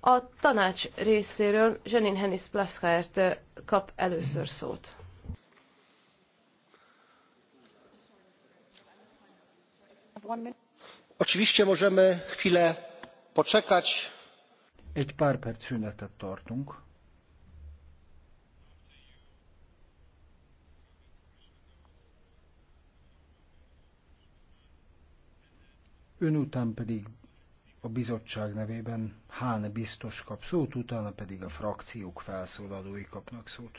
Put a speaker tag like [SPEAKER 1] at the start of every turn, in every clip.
[SPEAKER 1] A tanács részéről Zsenin Henis Plaschert kap először szót. Oczywiście możemy chwilę
[SPEAKER 2] poczekać. Egy pár perc szünetet tartunk. Ön után pedig a bizottság nevében Hán biztos kap szót, utána pedig a frakciók felszólalói kapnak szót.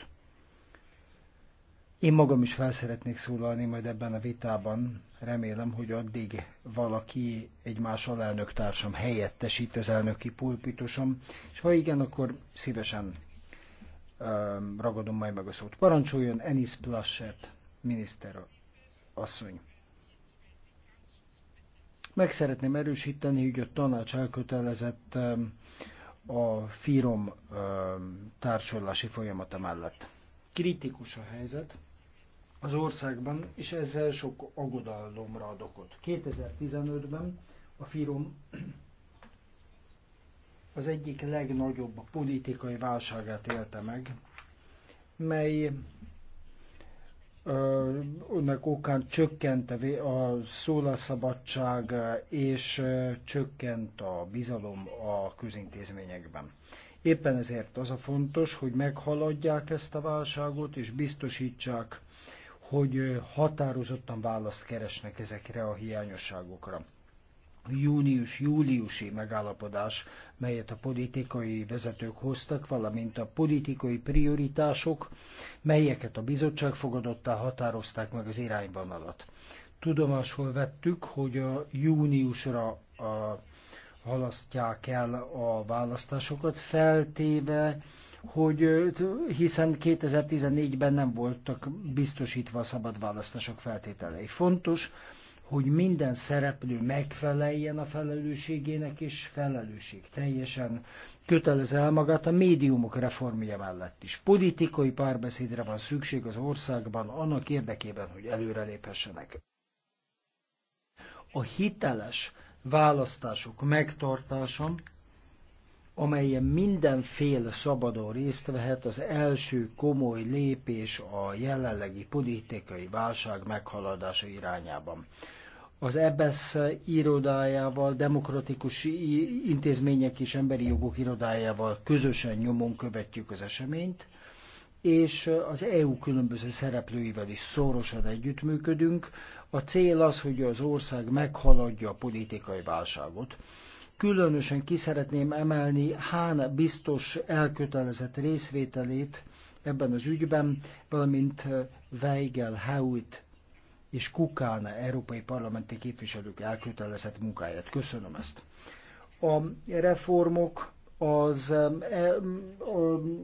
[SPEAKER 2] Én magam is felszeretnék szólalni majd ebben a vitában. Remélem, hogy addig valaki egy más alelnök társam helyettesít az elnöki pulpitusom, és ha igen, akkor szívesen ragadom majd meg a szót. Parancsoljon Enis Plaschert, miniszter asszony. Meg szeretném erősíteni, hogy a tanács elkötelezett a fírom társulási folyamata mellett. Kritikus a helyzet az országban, és ezzel sok aggodalomra ad okot. 2015-ben a fírom az egyik legnagyobb politikai válságát élte meg, mely önnek okán csökkent a szólásszabadság, és csökkent a bizalom a közintézményekben. Éppen ezért az a fontos, hogy meghaladják ezt a válságot, és biztosítsák, hogy határozottan választ keresnek ezekre a hiányosságokra június-júliusi megállapodás, melyet a politikai vezetők hoztak, valamint a politikai prioritások, melyeket a bizottság fogadottá határozták meg az irányvonalat. Tudomásul vettük, hogy a júniusra a, halasztják el a választásokat, feltéve, hogy hiszen 2014-ben nem voltak biztosítva a szabad választások feltételei. Fontos, hogy minden szereplő megfeleljen a felelősségének, és felelősség teljesen kötelez el magát a médiumok reformja mellett is. Politikai párbeszédre van szükség az országban annak érdekében, hogy előreléphessenek. A hiteles választások megtartása amelyen mindenféle szabadon részt vehet, az első komoly lépés a jelenlegi politikai válság meghaladása irányában. Az EBSZ e irodájával, demokratikus intézmények és emberi jogok irodájával közösen nyomon követjük az eseményt, és az EU különböző szereplőivel is szorosan együttműködünk. A cél az, hogy az ország meghaladja a politikai válságot különösen ki szeretném emelni Hán biztos elkötelezett részvételét ebben az ügyben, valamint eh, Weigel, Heuit és Kukán európai parlamenti képviselők elkötelezett munkáját. Köszönöm ezt. A reformok, az eh,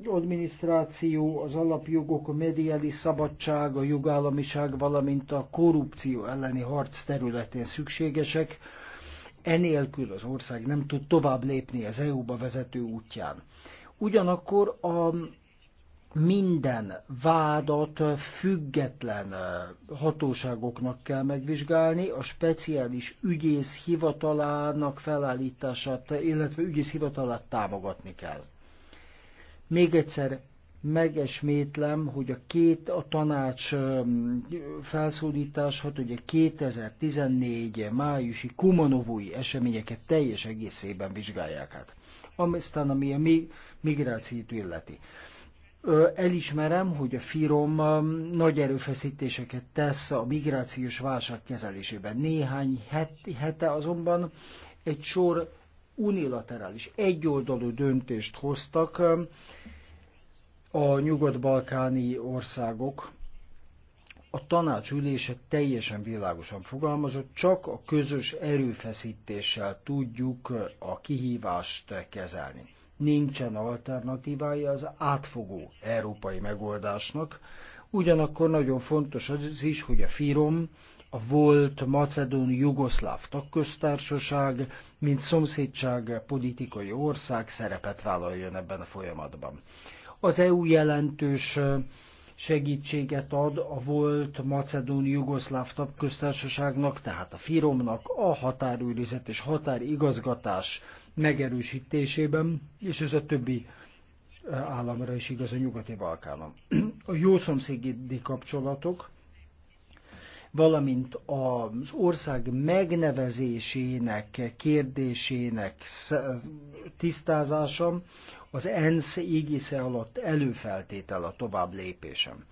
[SPEAKER 2] adminisztráció, az alapjogok, a mediális szabadság, a jogállamiság, valamint a korrupció elleni harc területén szükségesek Enélkül az ország nem tud tovább lépni az EU-ba vezető útján. Ugyanakkor a minden vádat független hatóságoknak kell megvizsgálni, a speciális ügyész hivatalának felállítását, illetve ügyész hivatalát támogatni kell. Még egyszer megesmétlem, hogy a két a tanács felszólítás, hogy a 2014 májusi kumanovói eseményeket teljes egészében vizsgálják át. Aztán ami a migrációt illeti. Elismerem, hogy a FIROM nagy erőfeszítéseket tesz a migrációs válság kezelésében. Néhány hete azonban egy sor unilaterális, egyoldalú döntést hoztak, a nyugat-balkáni országok, a tanács ülése teljesen világosan fogalmazott, csak a közös erőfeszítéssel tudjuk a kihívást kezelni. Nincsen alternatívája az átfogó európai megoldásnak, ugyanakkor nagyon fontos az is, hogy a FIROM, a volt Macedón Jugoszláv tagköztársaság, mint szomszédság politikai ország szerepet vállaljon ebben a folyamatban. Az EU jelentős segítséget ad a volt Macedón Jugoszláv köztársaságnak, tehát a Firomnak a határőrizet és határigazgatás megerősítésében, és ez a többi államra is igaz a nyugati Balkánon. A szomszédi kapcsolatok valamint az ország megnevezésének kérdésének tisztázása az ENSZ ígisze alatt előfeltétel a tovább lépésem.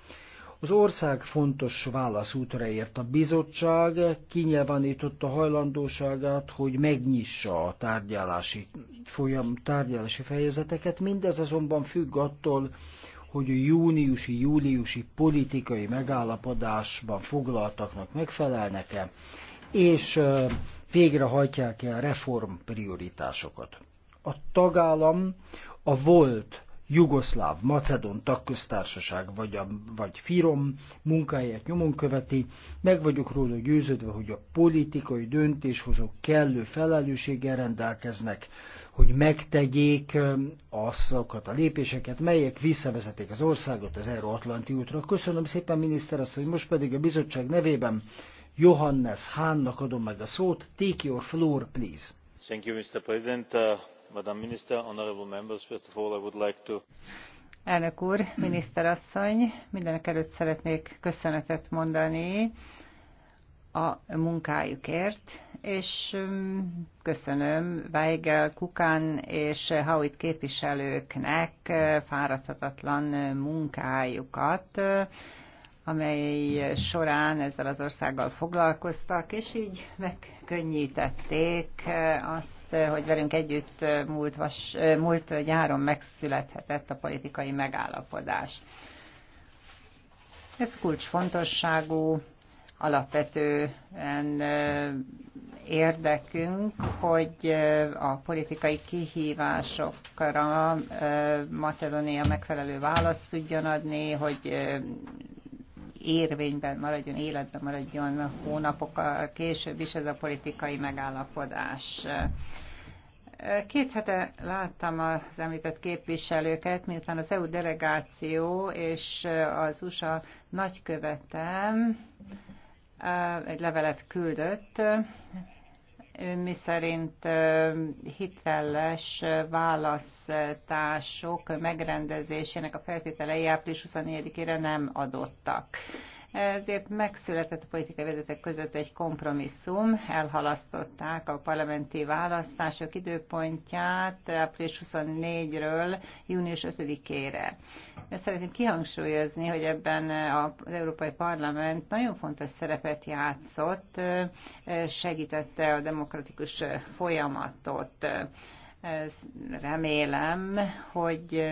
[SPEAKER 2] Az ország fontos válaszútra ért a bizottság, kinyilvánította hajlandóságát, hogy megnyissa a tárgyalási, folyam, tárgyalási fejezeteket, mindez azonban függ attól, hogy a júniusi-júliusi politikai megállapodásban foglaltaknak megfelelnek-e, és végrehajtják-e a reform prioritásokat. A tagállam a volt jugoszláv, macedon tagköztársaság vagy, a, vagy Firom munkáját nyomon követi, meg vagyok róla győződve, hogy a politikai döntéshozók kellő felelősséggel rendelkeznek, hogy megtegyék azokat a lépéseket, melyek visszavezetik az országot az Euróatlanti útra. Köszönöm szépen, miniszter azt, hogy most pedig a bizottság nevében Johannes Hánnak adom meg a szót. Take your floor, please. Thank you, Mr. President. Uh,
[SPEAKER 3] Madam Minister, honorable members, first of all, I would like to
[SPEAKER 2] Elnök úr,
[SPEAKER 4] miniszterasszony, mindenek előtt szeretnék köszönetet mondani a munkájukért, és um, köszönöm Weigel, Kukán és Howitt képviselőknek uh, fáradhatatlan munkájukat, uh, amely során ezzel az országgal foglalkoztak, és így megkönnyítették uh, azt, hogy velünk együtt múlt, vas, múlt nyáron megszülethetett a politikai megállapodás. Ez kulcsfontosságú alapvetően érdekünk, hogy a politikai kihívásokra Macedónia megfelelő választ tudjon adni, hogy érvényben maradjon, életben maradjon hónapokkal később is ez a politikai megállapodás. Két hete láttam az említett képviselőket, miután az EU delegáció és az USA nagykövetem egy levelet küldött, mi szerint hiteles választások megrendezésének a feltételei április 24-ére nem adottak ezért megszületett a politikai vezetek között egy kompromisszum, elhalasztották a parlamenti választások időpontját április 24-ről június 5-ére. Szeretném kihangsúlyozni, hogy ebben az Európai Parlament nagyon fontos szerepet játszott, segítette a demokratikus folyamatot. Remélem, hogy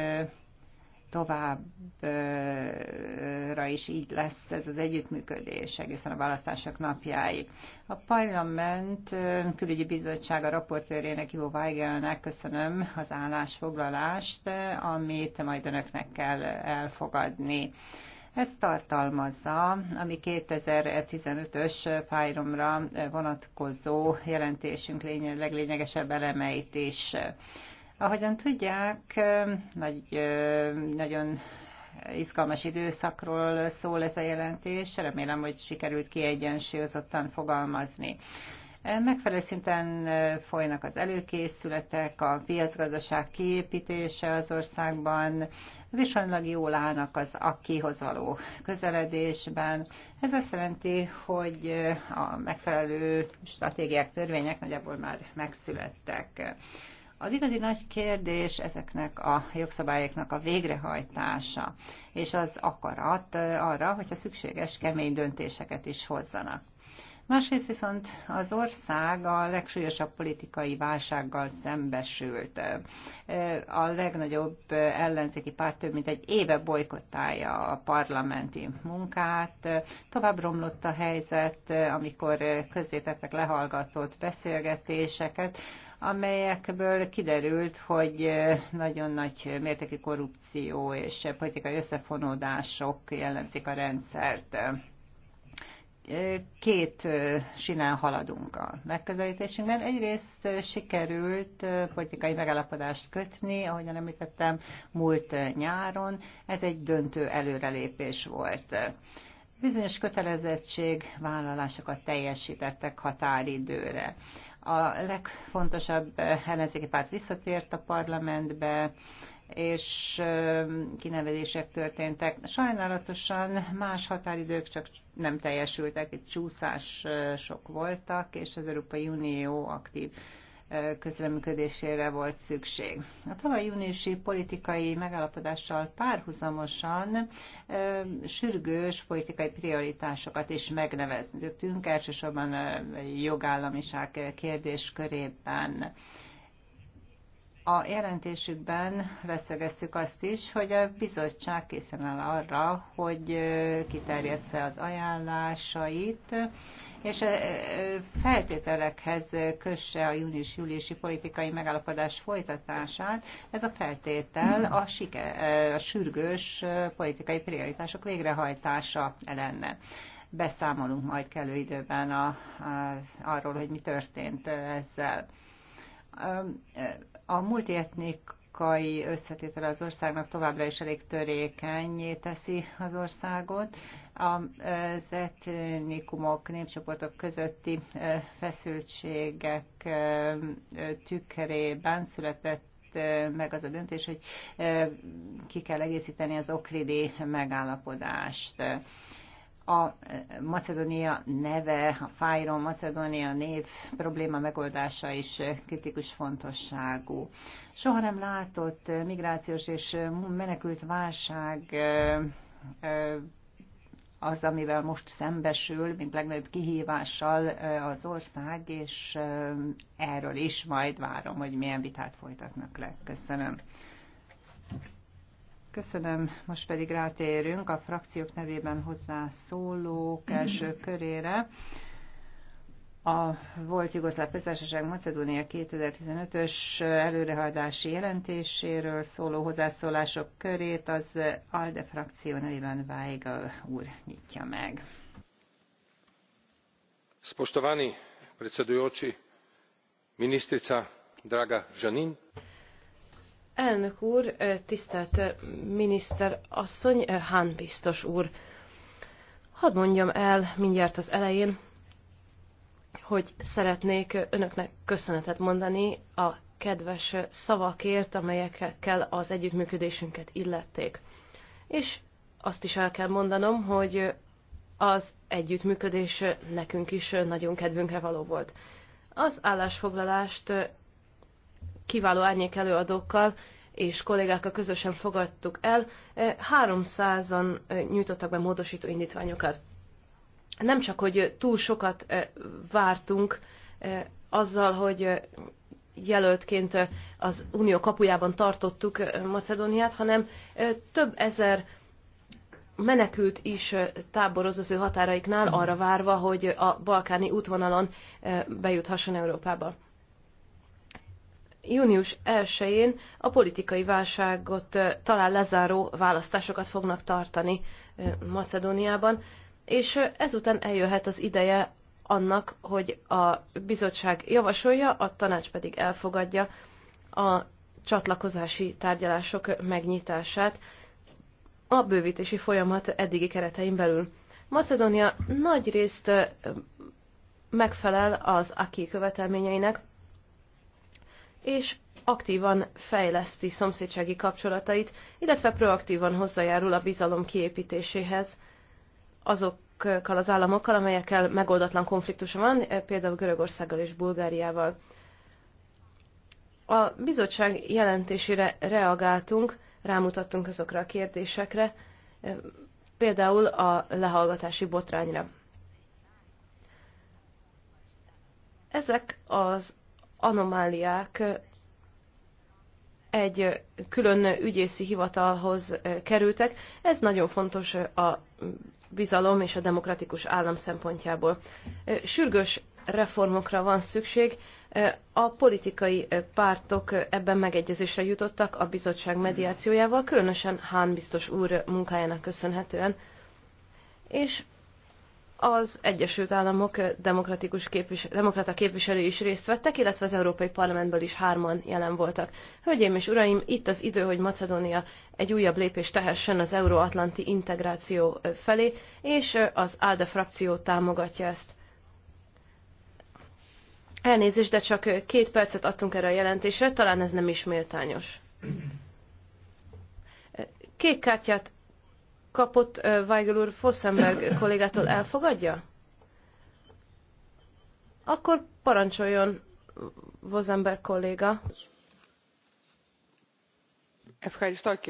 [SPEAKER 4] továbbra is így lesz ez az együttműködés egészen a választások napjáig. A Parlament Külügyi Bizottsága raportőrének Ivo Weigelnek köszönöm az állásfoglalást, amit majd önöknek kell elfogadni. Ez tartalmazza a mi 2015-ös fájromra vonatkozó jelentésünk leglényegesebb elemeit is. Ahogyan tudják, nagy, nagyon izgalmas időszakról szól ez a jelentés, remélem, hogy sikerült kiegyensúlyozottan fogalmazni. Megfelelő szinten folynak az előkészületek, a piacgazdaság kiépítése az országban, viszonylag jól állnak az akihoz való közeledésben. Ez azt jelenti, hogy a megfelelő stratégiák, törvények nagyjából már megszülettek. Az igazi nagy kérdés ezeknek a jogszabályoknak a végrehajtása, és az akarat arra, hogyha szükséges, kemény döntéseket is hozzanak. Másrészt viszont az ország a legsúlyosabb politikai válsággal szembesült. A legnagyobb ellenzéki párt több mint egy éve bolykottálja a parlamenti munkát. Tovább romlott a helyzet, amikor közzétettek lehallgatott beszélgetéseket, amelyekből kiderült, hogy nagyon nagy mértékű korrupció és politikai összefonódások jellemzik a rendszert. Két sinál haladunk a megközelítésünkben. Egyrészt sikerült politikai megállapodást kötni, ahogyan említettem, múlt nyáron. Ez egy döntő előrelépés volt bizonyos kötelezettség vállalásokat teljesítettek határidőre. A legfontosabb eh, ellenzéki párt visszatért a parlamentbe, és eh, kinevezések történtek. Sajnálatosan más határidők csak nem teljesültek, itt csúszások voltak, és az Európai Unió aktív közreműködésére volt szükség. A tavaly júniusi politikai megállapodással párhuzamosan sürgős politikai prioritásokat is megneveztünk, elsősorban a jogállamiság kérdéskörében. A jelentésükben leszögeztük azt is, hogy a bizottság készen áll arra, hogy kiterjessze az ajánlásait, és feltételekhez kösse a június-júliusi politikai megállapodás folytatását. Ez a feltétel a, sike, a sürgős politikai prioritások végrehajtása lenne beszámolunk majd kellő időben a, a, arról, hogy mi történt ezzel. A multietnikai összetétele az országnak továbbra is elég törékeny teszi az országot, az etnikumok, népcsoportok közötti feszültségek tükrében született meg az a döntés, hogy ki kell egészíteni az okridi megállapodást a Macedónia neve, a Fájron Macedónia név probléma megoldása is kritikus fontosságú. Soha nem látott migrációs és menekült válság az, amivel most szembesül, mint legnagyobb kihívással az ország, és erről is majd várom, hogy milyen vitát folytatnak le. Köszönöm. Köszönöm. Most pedig rátérünk a frakciók nevében hozzászólók első körére a volt Jugoszláv Köztársaság Macedónia 2015-ös előrehajlási jelentéséről szóló hozzászólások körét az ALDE frakció nevében Weigel úr nyitja meg.
[SPEAKER 3] Spostovani, predsedőjócsi, minisztrica, Draga Janin.
[SPEAKER 1] Elnök úr, tisztelt miniszter asszony, Hán biztos úr. Hadd mondjam el mindjárt az elején, hogy szeretnék önöknek köszönetet mondani a kedves szavakért, amelyekkel az együttműködésünket illették. És azt is el kell mondanom, hogy az együttműködés nekünk is nagyon kedvünkre való volt. Az állásfoglalást kiváló árnyék előadókkal és kollégákkal közösen fogadtuk el. 300-an nyújtottak be módosító indítványokat nem csak, hogy túl sokat vártunk azzal, hogy jelöltként az unió kapujában tartottuk Macedóniát, hanem több ezer menekült is táboroz az ő határaiknál, mm. arra várva, hogy a balkáni útvonalon bejuthasson Európába. Június 1-én a politikai válságot talán lezáró választásokat fognak tartani Macedóniában, és ezután eljöhet az ideje annak, hogy a bizottság javasolja, a tanács pedig elfogadja a csatlakozási tárgyalások megnyitását a bővítési folyamat eddigi keretein belül. Macedónia nagy részt megfelel az AKI követelményeinek, és aktívan fejleszti szomszédsági kapcsolatait, illetve proaktívan hozzájárul a bizalom kiépítéséhez – azokkal az államokkal, amelyekkel megoldatlan konfliktusa van, eh, például Görögországgal és Bulgáriával. A bizottság jelentésére reagáltunk, rámutattunk azokra a kérdésekre, eh, például a lehallgatási botrányra. Ezek az anomáliák eh, egy külön ügyészi hivatalhoz kerültek. Ez nagyon fontos a bizalom és a demokratikus állam szempontjából. Sürgős reformokra van szükség. A politikai pártok ebben megegyezésre jutottak a bizottság mediációjával, különösen Hán biztos úr munkájának köszönhetően. És az Egyesült Államok demokratikus képvis- demokrata képviselői is részt vettek, illetve az Európai Parlamentből is hárman jelen voltak. Hölgyeim és uraim, itt az idő, hogy Macedónia egy újabb lépést tehessen az euróatlanti integráció felé, és az ALDE frakció támogatja ezt. Elnézést, de csak két percet adtunk erre a jelentésre, talán ez nem is méltányos. Kék kártyát kapott Weigel úr Fossenberg kollégától elfogadja? Akkor parancsoljon Vosember kolléga.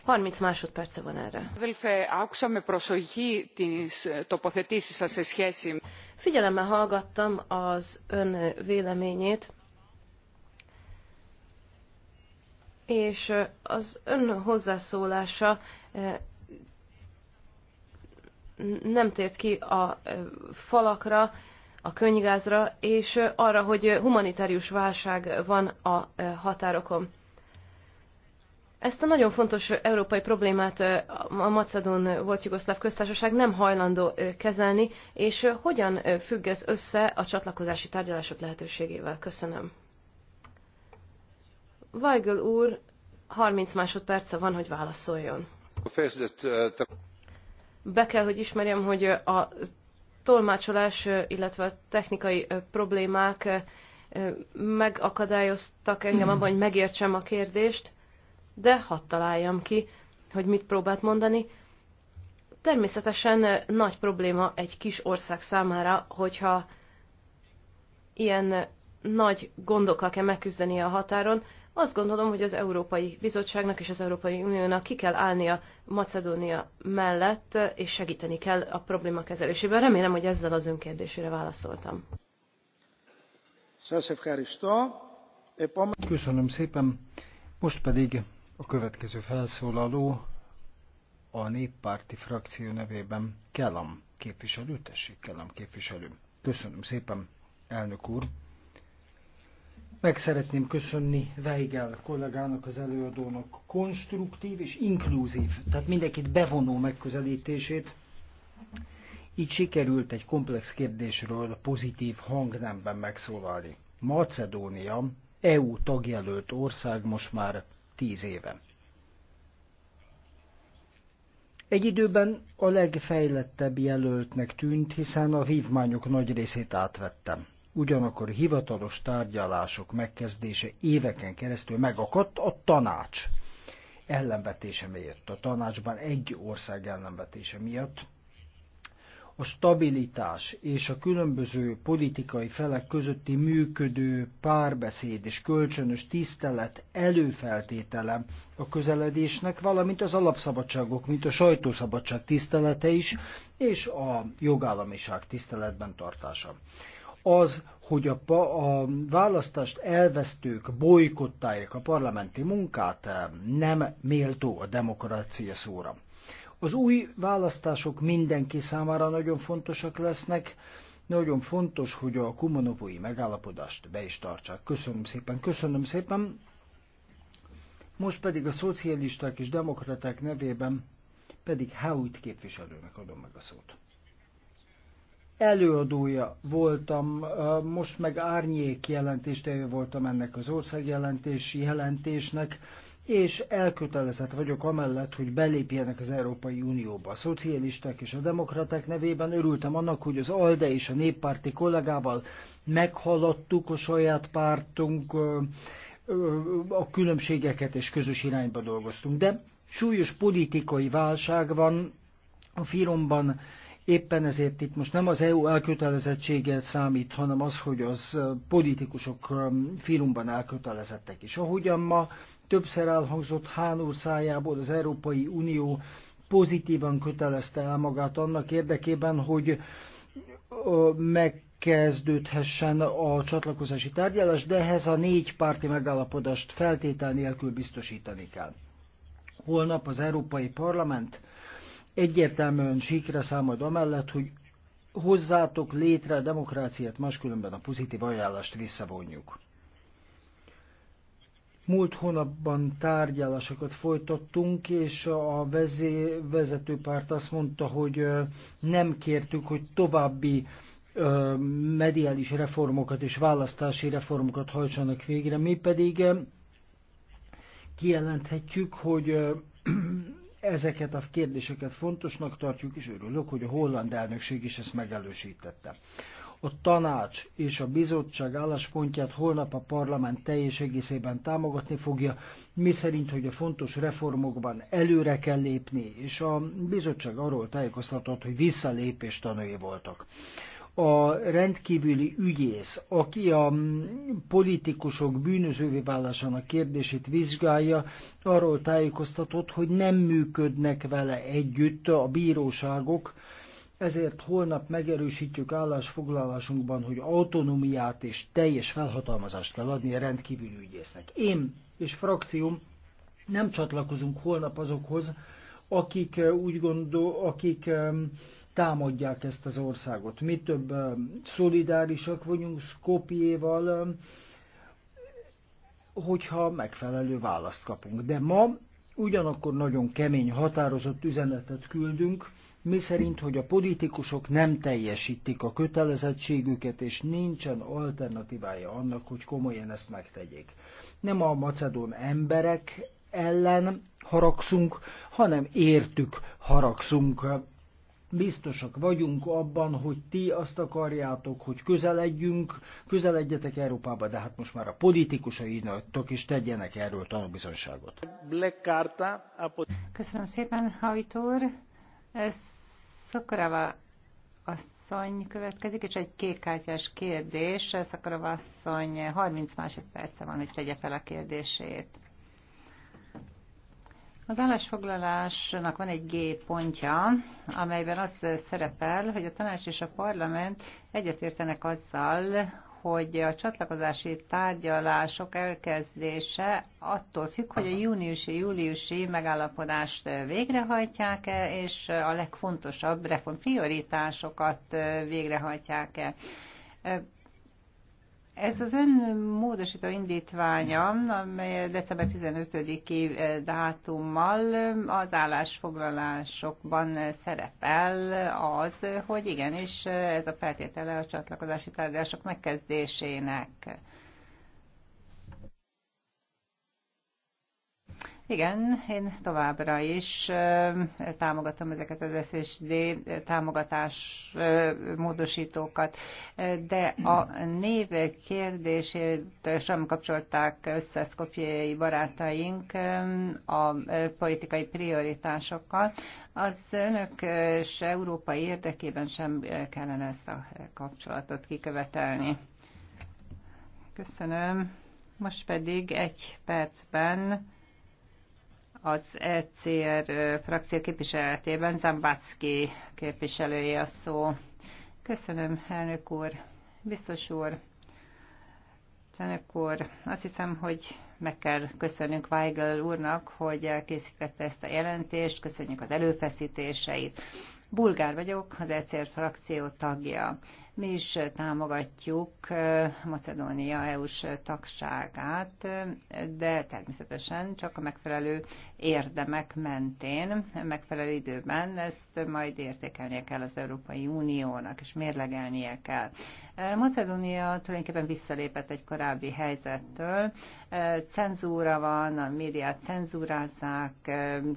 [SPEAKER 1] 30 másodperce van erre. Figyelemmel hallgattam az ön véleményét, és az ön hozzászólása nem tért ki a falakra, a könygázra, és arra, hogy humanitárius válság van a határokon. Ezt a nagyon fontos európai problémát a Macedón volt Jugoszláv köztársaság nem hajlandó kezelni, és hogyan függ ez össze a csatlakozási tárgyalások lehetőségével? Köszönöm. Weigel úr, 30 másodperce van, hogy válaszoljon. Be kell, hogy ismerjem, hogy a tolmácsolás, illetve a technikai problémák megakadályoztak engem abban, hogy megértsem a kérdést, de hadd találjam ki, hogy mit próbált mondani. Természetesen nagy probléma egy kis ország számára, hogyha ilyen nagy gondokkal kell megküzdeni a határon, azt gondolom, hogy az Európai Bizottságnak és az Európai Uniónak ki kell állnia Macedónia mellett, és segíteni kell a probléma kezelésében. Remélem, hogy ezzel az önkérdésére válaszoltam.
[SPEAKER 2] Köszönöm szépen. Most pedig a következő felszólaló a néppárti frakció nevében Kellam képviselő. Tessék, Kellam képviselő. Köszönöm szépen, elnök úr. Meg szeretném köszönni Weigel kollégának, az előadónak konstruktív és inkluzív, tehát mindenkit bevonó megközelítését. Így sikerült egy komplex kérdésről pozitív hangnemben megszólalni. Macedónia EU tagjelölt ország most már tíz éve. Egy időben a legfejlettebb jelöltnek tűnt, hiszen a vívmányok nagy részét átvettem. Ugyanakkor hivatalos tárgyalások megkezdése éveken keresztül megakadt a tanács ellenvetése miatt, a tanácsban egy ország ellenvetése miatt, a stabilitás és a különböző politikai felek közötti működő párbeszéd és kölcsönös tisztelet előfeltétele a közeledésnek, valamint az alapszabadságok, mint a sajtószabadság tisztelete is, és a jogállamiság tiszteletben tartása az, hogy a, a választást elvesztők bolykottálják a parlamenti munkát, nem méltó a demokrácia szóra. Az új választások mindenki számára nagyon fontosak lesznek, nagyon fontos, hogy a kumanovói megállapodást be is tartsák. Köszönöm szépen, köszönöm szépen. Most pedig a szocialisták és demokraták nevében pedig Howitt képviselőnek adom meg a szót előadója voltam, most meg árnyék jelentéstevő voltam ennek az országjelentési jelentésnek, és elkötelezett vagyok amellett, hogy belépjenek az Európai Unióba. A szocialisták és a demokraták nevében örültem annak, hogy az ALDE és a néppárti kollégával meghaladtuk a saját pártunk a különbségeket, és közös irányba dolgoztunk. De súlyos politikai válság van a firomban, Éppen ezért itt most nem az EU elkötelezettséggel számít, hanem az, hogy az politikusok filmban elkötelezettek is. Ahogyan ma többször elhangzott Hán úr szájából az Európai Unió pozitívan kötelezte el magát annak érdekében, hogy megkezdődhessen a csatlakozási tárgyalás, de ehhez a négy párti megállapodást feltétel nélkül biztosítani kell. Holnap az Európai Parlament egyértelműen sikre számolt amellett, hogy hozzátok létre a demokráciát, máskülönben a pozitív ajánlást visszavonjuk. Múlt hónapban tárgyalásokat folytattunk, és a vezé, vezetőpárt azt mondta, hogy nem kértük, hogy további mediális reformokat és választási reformokat hajtsanak végre. Mi pedig kijelenthetjük, hogy Ezeket a kérdéseket fontosnak tartjuk, és örülök, hogy a holland elnökség is ezt megelősítette. A tanács és a bizottság álláspontját holnap a parlament teljes egészében támogatni fogja, mi szerint, hogy a fontos reformokban előre kell lépni, és a bizottság arról tájékoztatott, hogy visszalépés tanúi voltak a rendkívüli ügyész, aki a politikusok bűnözővé válásának kérdését vizsgálja, arról tájékoztatott, hogy nem működnek vele együtt a bíróságok, ezért holnap megerősítjük állásfoglalásunkban, hogy autonómiát és teljes felhatalmazást kell adni a rendkívüli ügyésznek. Én és frakcióm nem csatlakozunk holnap azokhoz, akik eh, úgy gondol, akik támadják ezt az országot. Mi több szolidárisak vagyunk Skopjéval, hogyha megfelelő választ kapunk. De ma ugyanakkor nagyon kemény, határozott üzenetet küldünk, mi szerint, hogy a politikusok nem teljesítik a kötelezettségüket, és nincsen alternatívája annak, hogy komolyan ezt megtegyék. Nem a macedón emberek ellen haragszunk, hanem értük haragszunk, biztosak vagyunk abban, hogy ti azt akarjátok, hogy közeledjünk, közeledjetek Európába, de hát most már a politikusai nagytok is tegyenek erről tanúbizonságot.
[SPEAKER 4] Köszönöm szépen, Hajtór. úr. Szokorava asszony következik, és egy kékkártyás kérdés. Szakorava asszony 30 másodperce van, hogy tegye fel a kérdését. Az állásfoglalásnak van egy G pontja, amelyben az szerepel, hogy a tanács és a parlament egyetértenek azzal, hogy a csatlakozási tárgyalások elkezdése attól függ, hogy a júniusi-júliusi megállapodást végrehajtják-e, és a legfontosabb reformprioritásokat végrehajtják-e. Ez az ön módosító indítványa, amely december 15-i eh, dátummal eh, az állásfoglalásokban szerepel az, hogy igenis eh, ez a feltétele a csatlakozási tárgyalások megkezdésének. Igen, én továbbra is támogatom ezeket az SSD támogatás módosítókat, de a név kérdését sem kapcsolták össze szkopjai barátaink a politikai prioritásokkal. Az önök és európai érdekében sem kellene ezt a kapcsolatot kikövetelni. Köszönöm. Most pedig egy percben az ECR frakció képviseletében Zambácki képviselője a szó. Köszönöm, elnök úr, biztos úr, elnök úr. Azt hiszem, hogy meg kell köszönnünk Weigel úrnak, hogy elkészítette ezt a jelentést, köszönjük az előfeszítéseit. Bulgár vagyok, az ECR frakció tagja. Mi is támogatjuk Macedónia EU-s tagságát, de természetesen csak a megfelelő érdemek mentén, megfelelő időben ezt majd értékelnie kell az Európai Uniónak, és mérlegelnie kell. Macedónia tulajdonképpen visszalépett egy korábbi helyzettől. Cenzúra van, a médiát cenzúrázzák,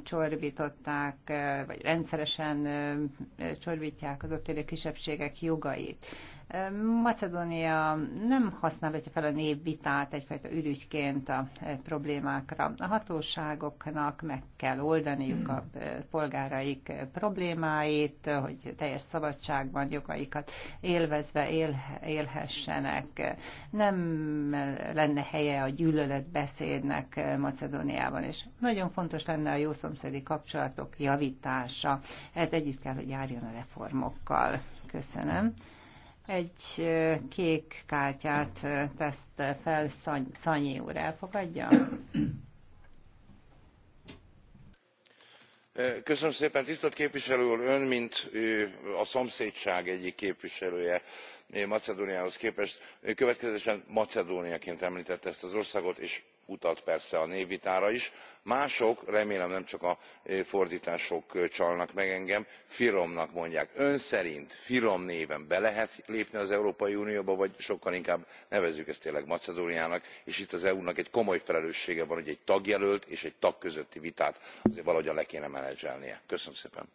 [SPEAKER 4] csorbították, vagy rendszeresen csorbítják az ott élő kisebbségek jogait. Macedónia nem használhatja fel a névvitát egyfajta ürügyként a problémákra. A hatóságoknak meg kell oldaniuk a polgáraik problémáit, hogy teljes szabadságban jogaikat élvezve él, élhessenek. Nem lenne helye a gyűlöletbeszédnek Macedóniában, és nagyon fontos lenne a jószomszédi kapcsolatok javítása. Ez együtt kell, hogy járjon a reformokkal. Köszönöm. Egy kék kártyát tesz fel Szanyi úr. Elfogadja?
[SPEAKER 5] Köszönöm szépen, tisztelt képviselő úr! Ön,
[SPEAKER 3] mint a szomszédság egyik képviselője, macedóniához képest következetesen macedóniaként említette ezt az országot és utalt persze a névvitára is mások remélem nem csak a fordtások csalnak meg engem fyrom mondják. ön szerint fyrom néven be lehet lépni az európai unióba vagy sokkal inkább nevezzük ezt tényleg macedóniának és itt az eu nak egy komoly felelőssége van hogy egy tagjelölt és egy tag közötti vitát azért valahogyan le kéne menedzselnie. köszönöm szépen!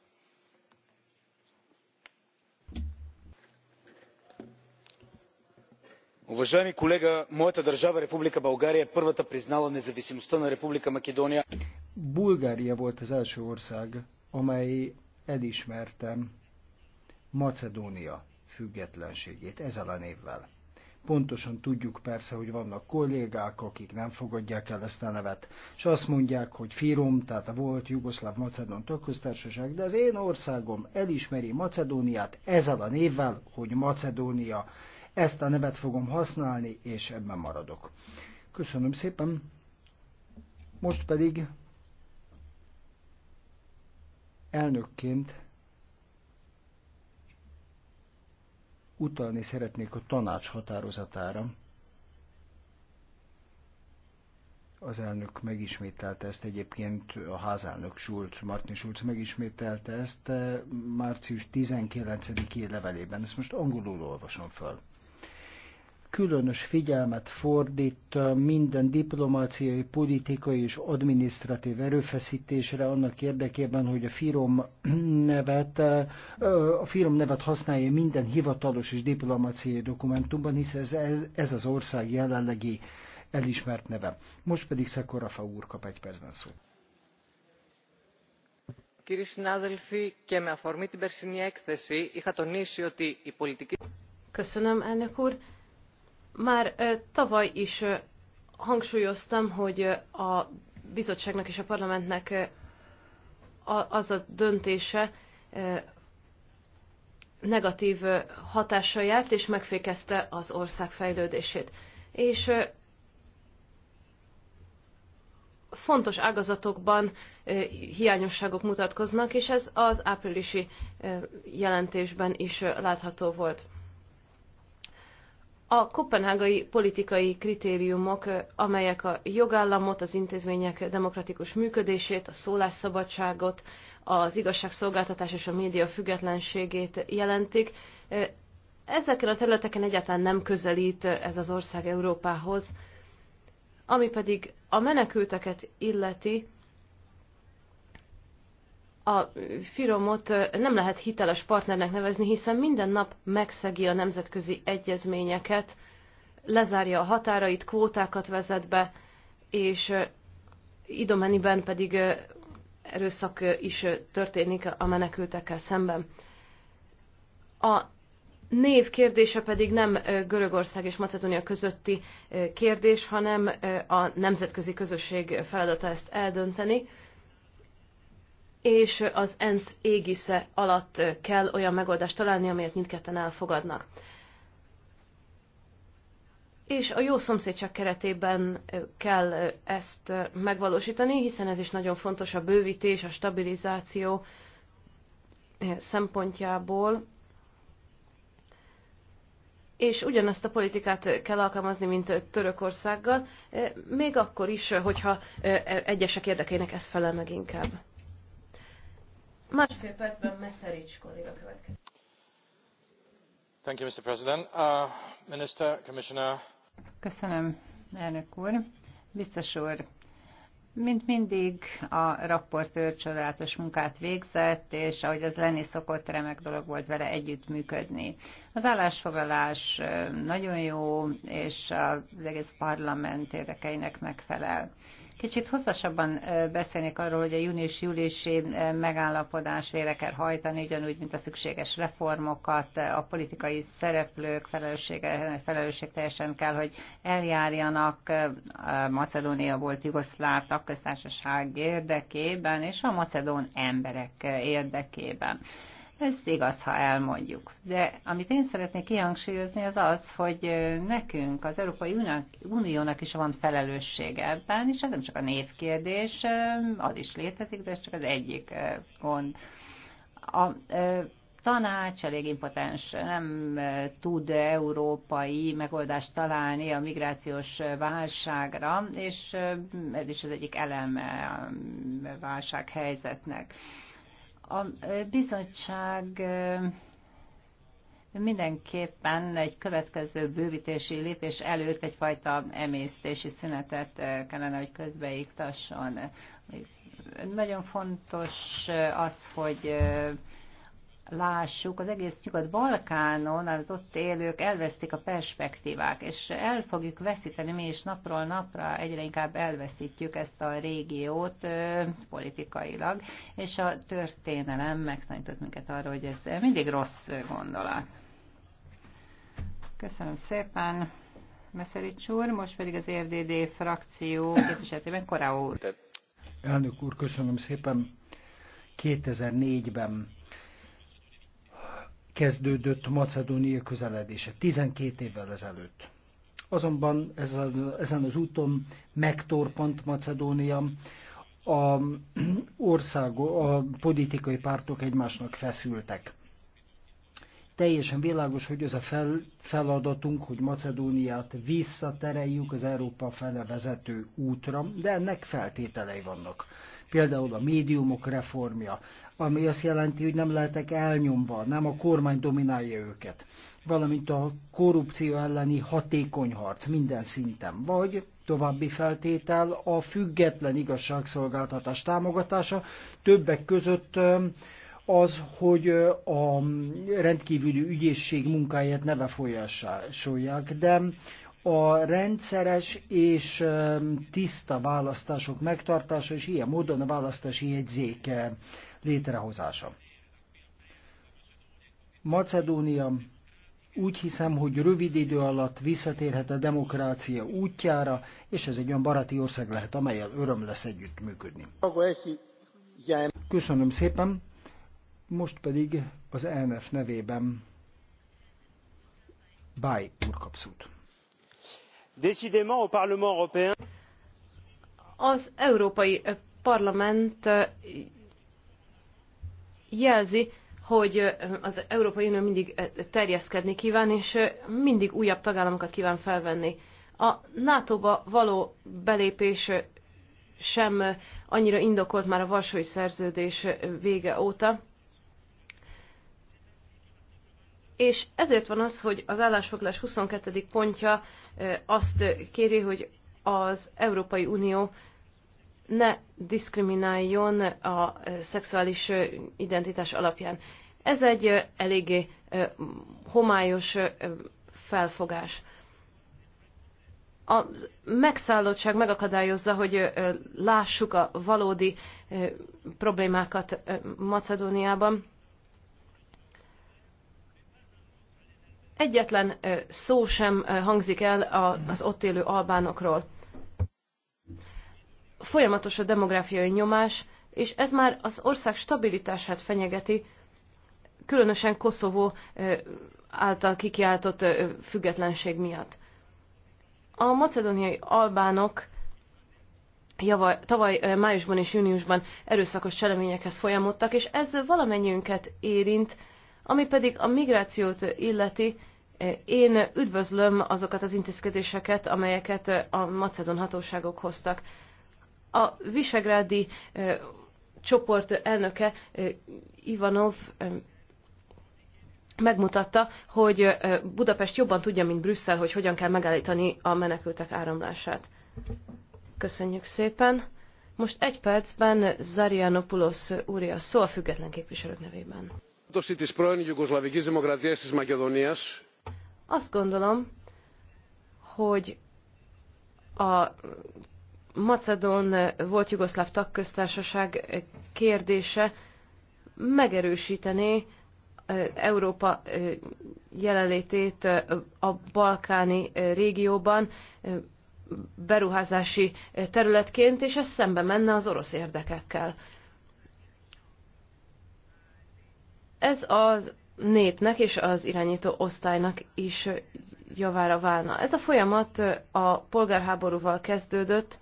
[SPEAKER 2] Уважаеми колега, моята държава, Република България, е първата признала независимостта на Република Македония. Bulgária volt az első ország, amely elismerte Macedónia függetlenségét ezzel a névvel. Pontosan tudjuk persze, hogy vannak kollégák, akik nem fogadják el ezt a nevet, és azt mondják, hogy Firom, tehát a volt Jugoszláv Macedon Tökköztársaság, de az én országom elismeri Macedóniát ezzel a névvel, hogy Macedónia ezt a nevet fogom használni, és ebben maradok. Köszönöm szépen. Most pedig elnökként utalni szeretnék a tanács határozatára. Az elnök megismételte ezt egyébként, a házelnök Schulz, Martin Schulz megismételte ezt eh, március 19-i levelében. Ezt most angolul olvasom föl különös figyelmet fordít minden diplomáciai, politikai és adminisztratív erőfeszítésre annak érdekében, hogy a firom nevet, a firom nevet használja minden hivatalos és diplomáciai dokumentumban, hiszen ez, ez az ország jelenlegi elismert neve. Most pedig Szekorafa úr kap egy percben szót.
[SPEAKER 4] Κύριοι συνάδελφοι, και με αφορμή την περσινή έκθεση είχα τονίσει ότι η πολιτική...
[SPEAKER 1] Köszönöm, elnök úr. Már tavaly is hangsúlyoztam, hogy a bizottságnak és a parlamentnek az a döntése negatív hatással járt, és megfékezte az ország fejlődését. És fontos ágazatokban hiányosságok mutatkoznak, és ez az áprilisi jelentésben is látható volt a kopenhágai politikai kritériumok, amelyek a jogállamot, az intézmények demokratikus működését, a szólásszabadságot, az igazságszolgáltatás és a média függetlenségét jelentik. E, ezeken a területeken egyáltalán nem közelít ez az ország Európához. Ami pedig a menekülteket illeti, a Firomot nem lehet hiteles partnernek nevezni, hiszen minden nap megszegi a nemzetközi egyezményeket, lezárja a határait, kvótákat vezet be, és idomeniben pedig erőszak is történik a menekültekkel szemben. A név kérdése pedig nem Görögország és Macedónia közötti kérdés, hanem a nemzetközi közösség feladata ezt eldönteni és az ENSZ égisze alatt kell olyan megoldást találni, amelyet mindketten elfogadnak. És a jó szomszédság keretében kell ezt megvalósítani, hiszen ez is nagyon fontos a bővítés, a stabilizáció szempontjából. És ugyanezt a politikát kell alkalmazni, mint Törökországgal, még akkor is, hogyha egyesek érdekének ez felel meg inkább. Másfél percben Meszerics kolléga következik.
[SPEAKER 5] Thank you, Mr. President. Uh, Minister,
[SPEAKER 4] Commissioner. Köszönöm, elnök úr. Biztos úr, mint mindig a raportőr csodálatos munkát végzett, és ahogy az lenni szokott, remek dolog volt vele együttműködni. Az állásfoglalás nagyon jó, és az egész parlament érdekeinek megfelel. Kicsit hosszasabban beszélnék arról, hogy a június-júliusi megállapodás vére kell hajtani, ugyanúgy, mint a szükséges reformokat, a politikai szereplők felelőssége, felelősség teljesen kell, hogy eljárjanak Macedónia volt jugoszláv tagköztársaság érdekében és a macedón emberek érdekében. Ez igaz, ha elmondjuk. De amit én szeretnék kihangsúlyozni, az az, hogy nekünk, az Európai Uniónak is van felelősség ebben, és ez nem csak a névkérdés, az is létezik, de ez csak az egyik gond. A, tanács elég impotens, nem tud európai megoldást találni a migrációs válságra, és ez is az egyik eleme a válsághelyzetnek. helyzetnek a bizottság mindenképpen egy következő bővítési lépés előtt egyfajta emésztési szünetet kellene, hogy közbeiktasson. Nagyon fontos az, hogy lássuk, az egész Nyugat-Balkánon az ott élők elvesztik a perspektívák, és el fogjuk veszíteni, mi is napról napra egyre inkább elveszítjük ezt a régiót ö, politikailag, és a történelem megtanított minket arra, hogy ez mindig rossz gondolat. Köszönöm szépen, Meszerics úr, most pedig az RDD frakció képviseletében Korá úr.
[SPEAKER 2] Elnök úr, köszönöm szépen. 2004-ben kezdődött Macedónia közeledése 12 évvel ezelőtt. Azonban ez az, ezen az úton megtorpant Macedónia, a, országo, a politikai pártok egymásnak feszültek. Teljesen világos, hogy ez a fel, feladatunk, hogy Macedóniát visszatereljük az Európa fele vezető útra, de ennek feltételei vannak. Például a médiumok reformja, ami azt jelenti, hogy nem lehetek elnyomva, nem a kormány dominálja őket, valamint a korrupció elleni hatékony harc minden szinten, vagy További feltétel a független igazságszolgáltatás támogatása, többek között az, hogy a rendkívüli ügyészség munkáját ne befolyásolják, de a rendszeres és tiszta választások megtartása, és ilyen módon a választási jegyzék létrehozása. Macedónia úgy hiszem, hogy rövid idő alatt visszatérhet a demokrácia útjára, és ez egy olyan baráti ország lehet, amelyel öröm lesz együttműködni. Köszönöm szépen! Most pedig az ENF nevében Báj úr kap szót.
[SPEAKER 1] Az Európai Parlament jelzi, hogy az Európai Unió mindig terjeszkedni kíván, és mindig újabb tagállamokat kíván felvenni. A NATO-ba való belépés sem annyira indokolt már a Varsói Szerződés vége óta, és ezért van az, hogy az állásfoglalás 22. pontja azt kéri, hogy az Európai Unió ne diszkrimináljon a szexuális identitás alapján. Ez egy eléggé homályos felfogás. A megszállottság megakadályozza, hogy lássuk a valódi problémákat Macedóniában Egyetlen szó sem hangzik el az ott élő albánokról. Folyamatos a demográfiai nyomás, és ez már az ország stabilitását fenyegeti, különösen Koszovó által kikiáltott függetlenség miatt. A macedóniai albánok java, tavaly májusban és júniusban erőszakos cseleményekhez folyamodtak, és ez valamennyiünket érint, ami pedig a migrációt illeti, én üdvözlöm azokat az intézkedéseket, amelyeket a macedon hatóságok hoztak. A visegrádi csoport elnöke Ivanov megmutatta, hogy Budapest jobban tudja, mint Brüsszel, hogy hogyan kell megállítani a menekültek áramlását. Köszönjük szépen. Most egy percben Zarianopoulos úr a szó a független képviselők nevében. Azt gondolom, hogy a Macedon volt jugoszláv tagköztársaság kérdése megerősítené Európa jelenlétét a balkáni régióban beruházási területként, és ez szembe menne az orosz érdekekkel. Ez az népnek és az irányító osztálynak is javára válna. Ez a folyamat a polgárháborúval kezdődött,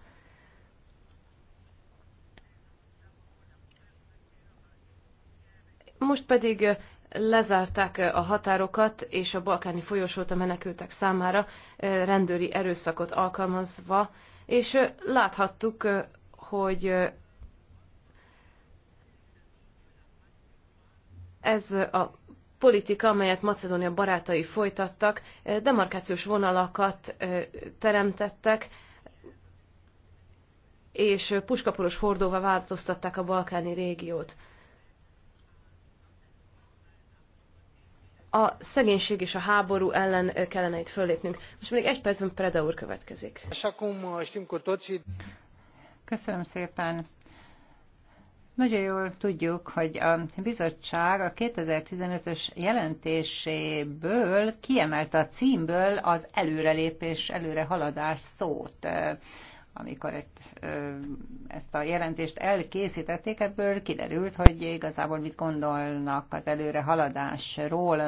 [SPEAKER 1] most pedig lezárták a határokat, és a balkáni folyosót a menekültek számára eh, rendőri erőszakot alkalmazva, és eh, láthattuk, eh, hogy ez a politika, amelyet Macedónia barátai folytattak, eh, demarkációs vonalakat eh, teremtettek, és eh, puskaporos hordóvá változtatták a balkáni régiót. a szegénység és a háború ellen kellene itt föllépnünk. Most még egy percben Preda úr következik.
[SPEAKER 4] Köszönöm szépen. Nagyon jól tudjuk, hogy a bizottság a 2015-ös jelentéséből kiemelte a címből az előrelépés, előrehaladás szót amikor egy, ezt a jelentést elkészítették, ebből kiderült, hogy igazából mit gondolnak az előrehaladásról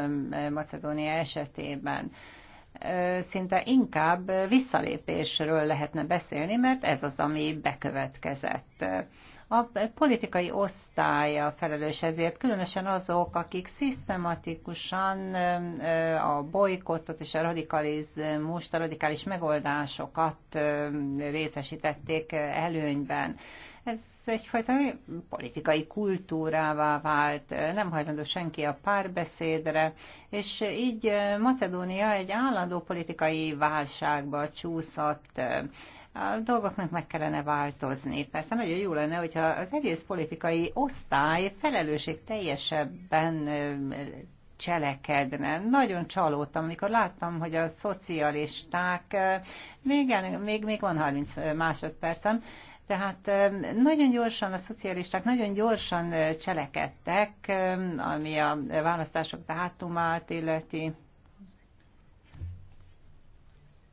[SPEAKER 4] Macedónia esetében. Szinte inkább visszalépésről lehetne beszélni, mert ez az, ami bekövetkezett. A politikai osztálya felelős ezért, különösen azok, akik szisztematikusan a bolykottot és a radikalizmust, a radikális megoldásokat részesítették előnyben. Ez egyfajta politikai kultúrává vált, nem hajlandó senki a párbeszédre, és így Macedónia egy állandó politikai válságba csúszott a dolgoknak meg kellene változni. Persze nagyon jó lenne, hogyha az egész politikai osztály felelősség teljesebben cselekedne. Nagyon csalódtam, amikor láttam, hogy a szocialisták, még, még, még van 30 másodpercem, tehát nagyon gyorsan a szocialisták nagyon gyorsan cselekedtek, ami a választások dátumát illeti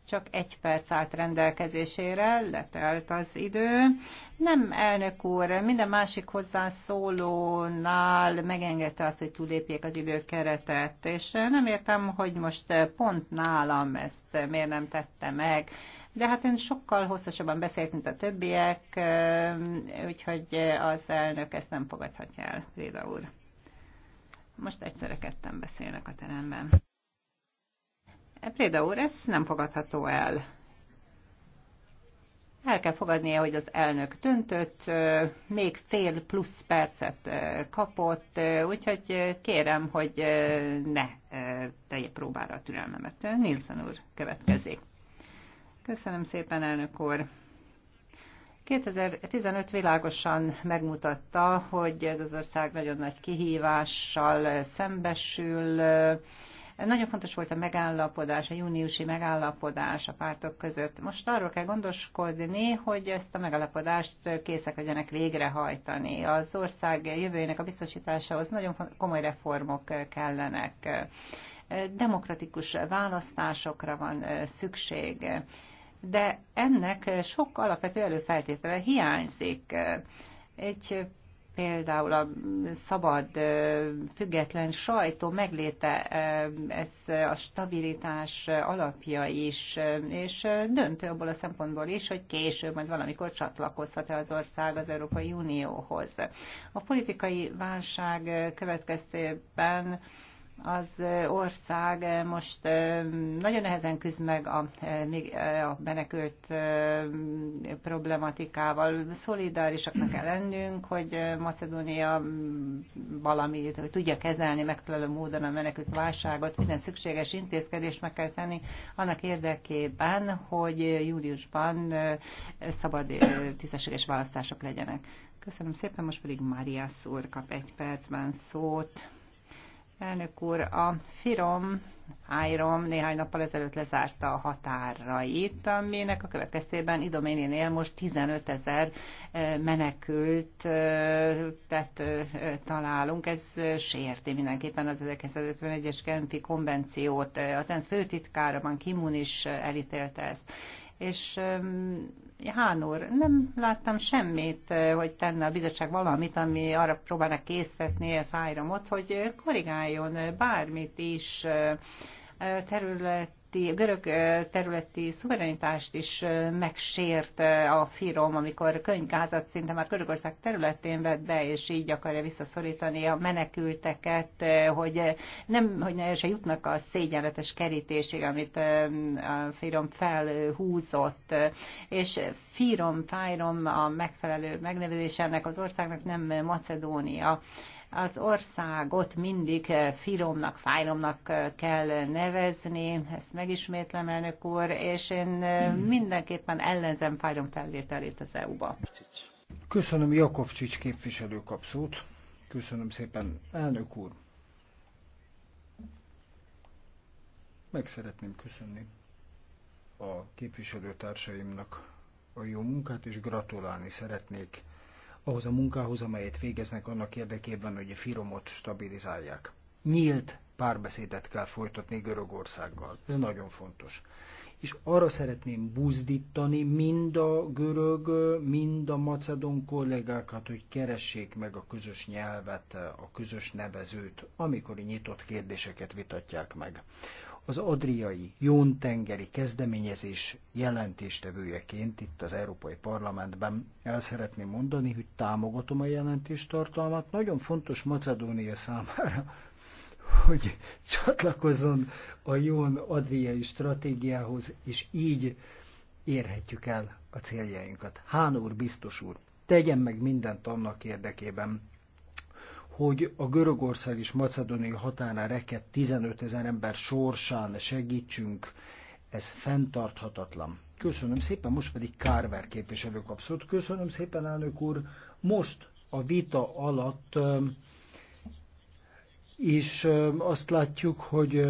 [SPEAKER 4] csak egy perc állt rendelkezésére, letelt az idő. Nem, elnök úr, minden másik hozzászólónál megengedte azt, hogy túlépjék az időkeretet, és nem értem, hogy most pont nálam ezt miért nem tette meg. De hát én sokkal hosszasabban beszélt, mint a többiek, úgyhogy az elnök ezt nem fogadhatja el, Réda úr. Most egyszerre ketten beszélnek a teremben. Préda úr, ez nem fogadható el. El kell fogadnia, hogy az elnök döntött, még fél plusz percet kapott, úgyhogy kérem, hogy ne tegye próbára a türelmemet. Nilsson úr következik. Köszönöm szépen, elnök úr. 2015 világosan megmutatta, hogy ez az ország nagyon nagy kihívással szembesül, nagyon fontos volt a megállapodás, a júniusi megállapodás a pártok között. Most arról kell gondoskodni, hogy ezt a megállapodást készek legyenek végrehajtani. Az ország jövőjének a biztosításához nagyon komoly reformok kellenek. Demokratikus választásokra van szükség de ennek sok alapvető előfeltétele hiányzik. Egy például a szabad, független sajtó megléte, ez a stabilitás alapja is, és döntő abból a szempontból is, hogy később majd valamikor csatlakozhat-e az ország az Európai Unióhoz. A politikai válság következtében az ország most nagyon nehezen küzd meg a, a menekült problematikával. Szolidárisaknak kell lennünk, hogy Macedónia valamit, hogy tudja kezelni megfelelő módon a menekült válságot. Minden szükséges intézkedést meg kell tenni annak érdekében, hogy júliusban szabad tisztességes választások legyenek. Köszönöm szépen, most pedig Mária úr kap egy percben szót. Elnök úr, a FIROM, IROM néhány nappal ezelőtt lezárta a határait, aminek a következtében Idoménénél most 15 ezer eh, menekült eh, tehát, eh, találunk. Ez sérti mindenképpen az 1951-es Genfi konvenciót. Az ENSZ főtitkára Ban Kimun is elítélte ezt és hánor nem láttam semmit, hogy tenne a bizottság valamit, ami arra próbálna készíteni a fájramot, hogy korrigáljon bármit is terület területi, görög területi szuverenitást is megsért a Firom, amikor könyvgázat szinte már Görögország területén vett be, és így akarja visszaszorítani a menekülteket, hogy nem, hogy ne se jutnak a szégyenletes kerítésig, amit a Firom felhúzott. És Firom, Fájrom a megfelelő megnevezés ennek az országnak nem Macedónia. Az országot mindig eh, filomnak, fájlomnak eh, kell nevezni, ezt megismétlem, elnök úr, és én eh, mindenképpen ellenzem fájlom felvételét az EU-ba.
[SPEAKER 2] Köszönöm Jakovcsics képviselő kapszót. Köszönöm szépen, elnök úr. Meg szeretném köszönni a képviselőtársaimnak a jó munkát, és gratulálni szeretnék ahhoz a munkához, amelyet végeznek annak érdekében, hogy a firomot stabilizálják. Nyílt párbeszédet kell folytatni Görögországgal. Ez nagyon fontos. És arra szeretném buzdítani mind a görög, mind a macedon kollégákat, hogy keressék meg a közös nyelvet, a közös nevezőt, amikor nyitott kérdéseket vitatják meg az adriai jóntengeri kezdeményezés jelentéstevőjeként itt az Európai Parlamentben el szeretném mondani, hogy támogatom a jelentéstartalmat. Nagyon fontos Macedónia számára, hogy csatlakozzon a jón adriai stratégiához, és így érhetjük el a céljainkat. Hán úr, biztos úr, tegyen meg mindent annak érdekében, hogy a Görögország és Macedónia határa rekedt 15 ezer ember sorsán segítsünk, ez fenntarthatatlan. Köszönöm szépen, most pedig Kárver képviselő kapszott. Köszönöm szépen, elnök úr. Most a vita alatt és azt látjuk, hogy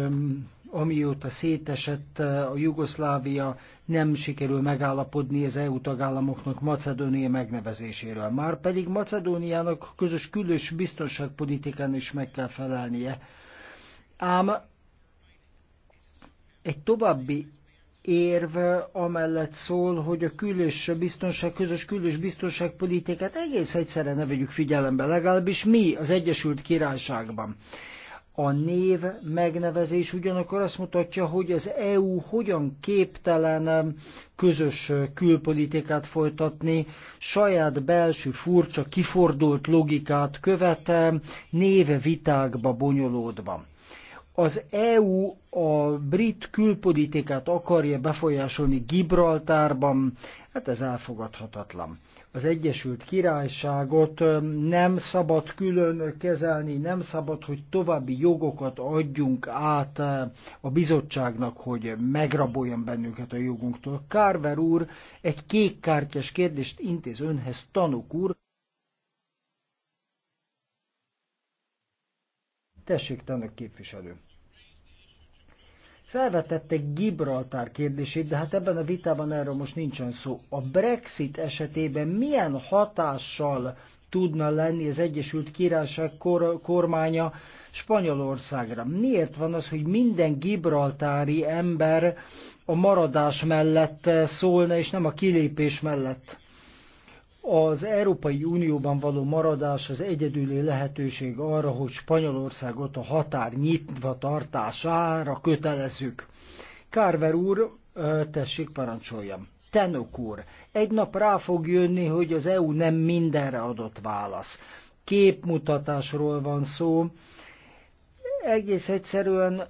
[SPEAKER 2] amióta szétesett eh, a Jugoszlávia, nem sikerül megállapodni az EU tagállamoknak Macedónia megnevezéséről. Már pedig Macedóniának közös külös biztonságpolitikán is meg kell felelnie. Ám egy további érv amellett szól, hogy a külös biztonság, közös külös biztonságpolitikát egész egyszerre ne vegyük figyelembe, legalábbis mi az Egyesült Királyságban. A név megnevezés ugyanakkor azt mutatja, hogy az EU hogyan képtelen közös külpolitikát folytatni, saját belső furcsa, kifordult logikát követve, néve vitákba bonyolódva az EU a brit külpolitikát akarja befolyásolni Gibraltárban, hát ez elfogadhatatlan az Egyesült Királyságot nem szabad külön kezelni, nem szabad, hogy további jogokat adjunk át a bizottságnak, hogy megraboljon bennünket a jogunktól. Kárver úr, egy kékkártyás kérdést intéz önhez, tanuk úr. Tessék, tanuk képviselő. Felvetette Gibraltár kérdését, de hát ebben a vitában erről most nincsen szó. A Brexit esetében milyen hatással tudna lenni az Egyesült Királyság kor- kormánya Spanyolországra? Miért van az, hogy minden gibraltári ember a maradás mellett szólna, és nem a kilépés mellett? Az Európai Unióban való maradás az egyedüli lehetőség arra, hogy Spanyolországot a határ nyitva tartására kötelezzük. Kárver úr, tessék parancsoljam. Tenok úr, egy nap rá fog jönni, hogy az EU nem mindenre adott válasz. Képmutatásról van szó. Egész egyszerűen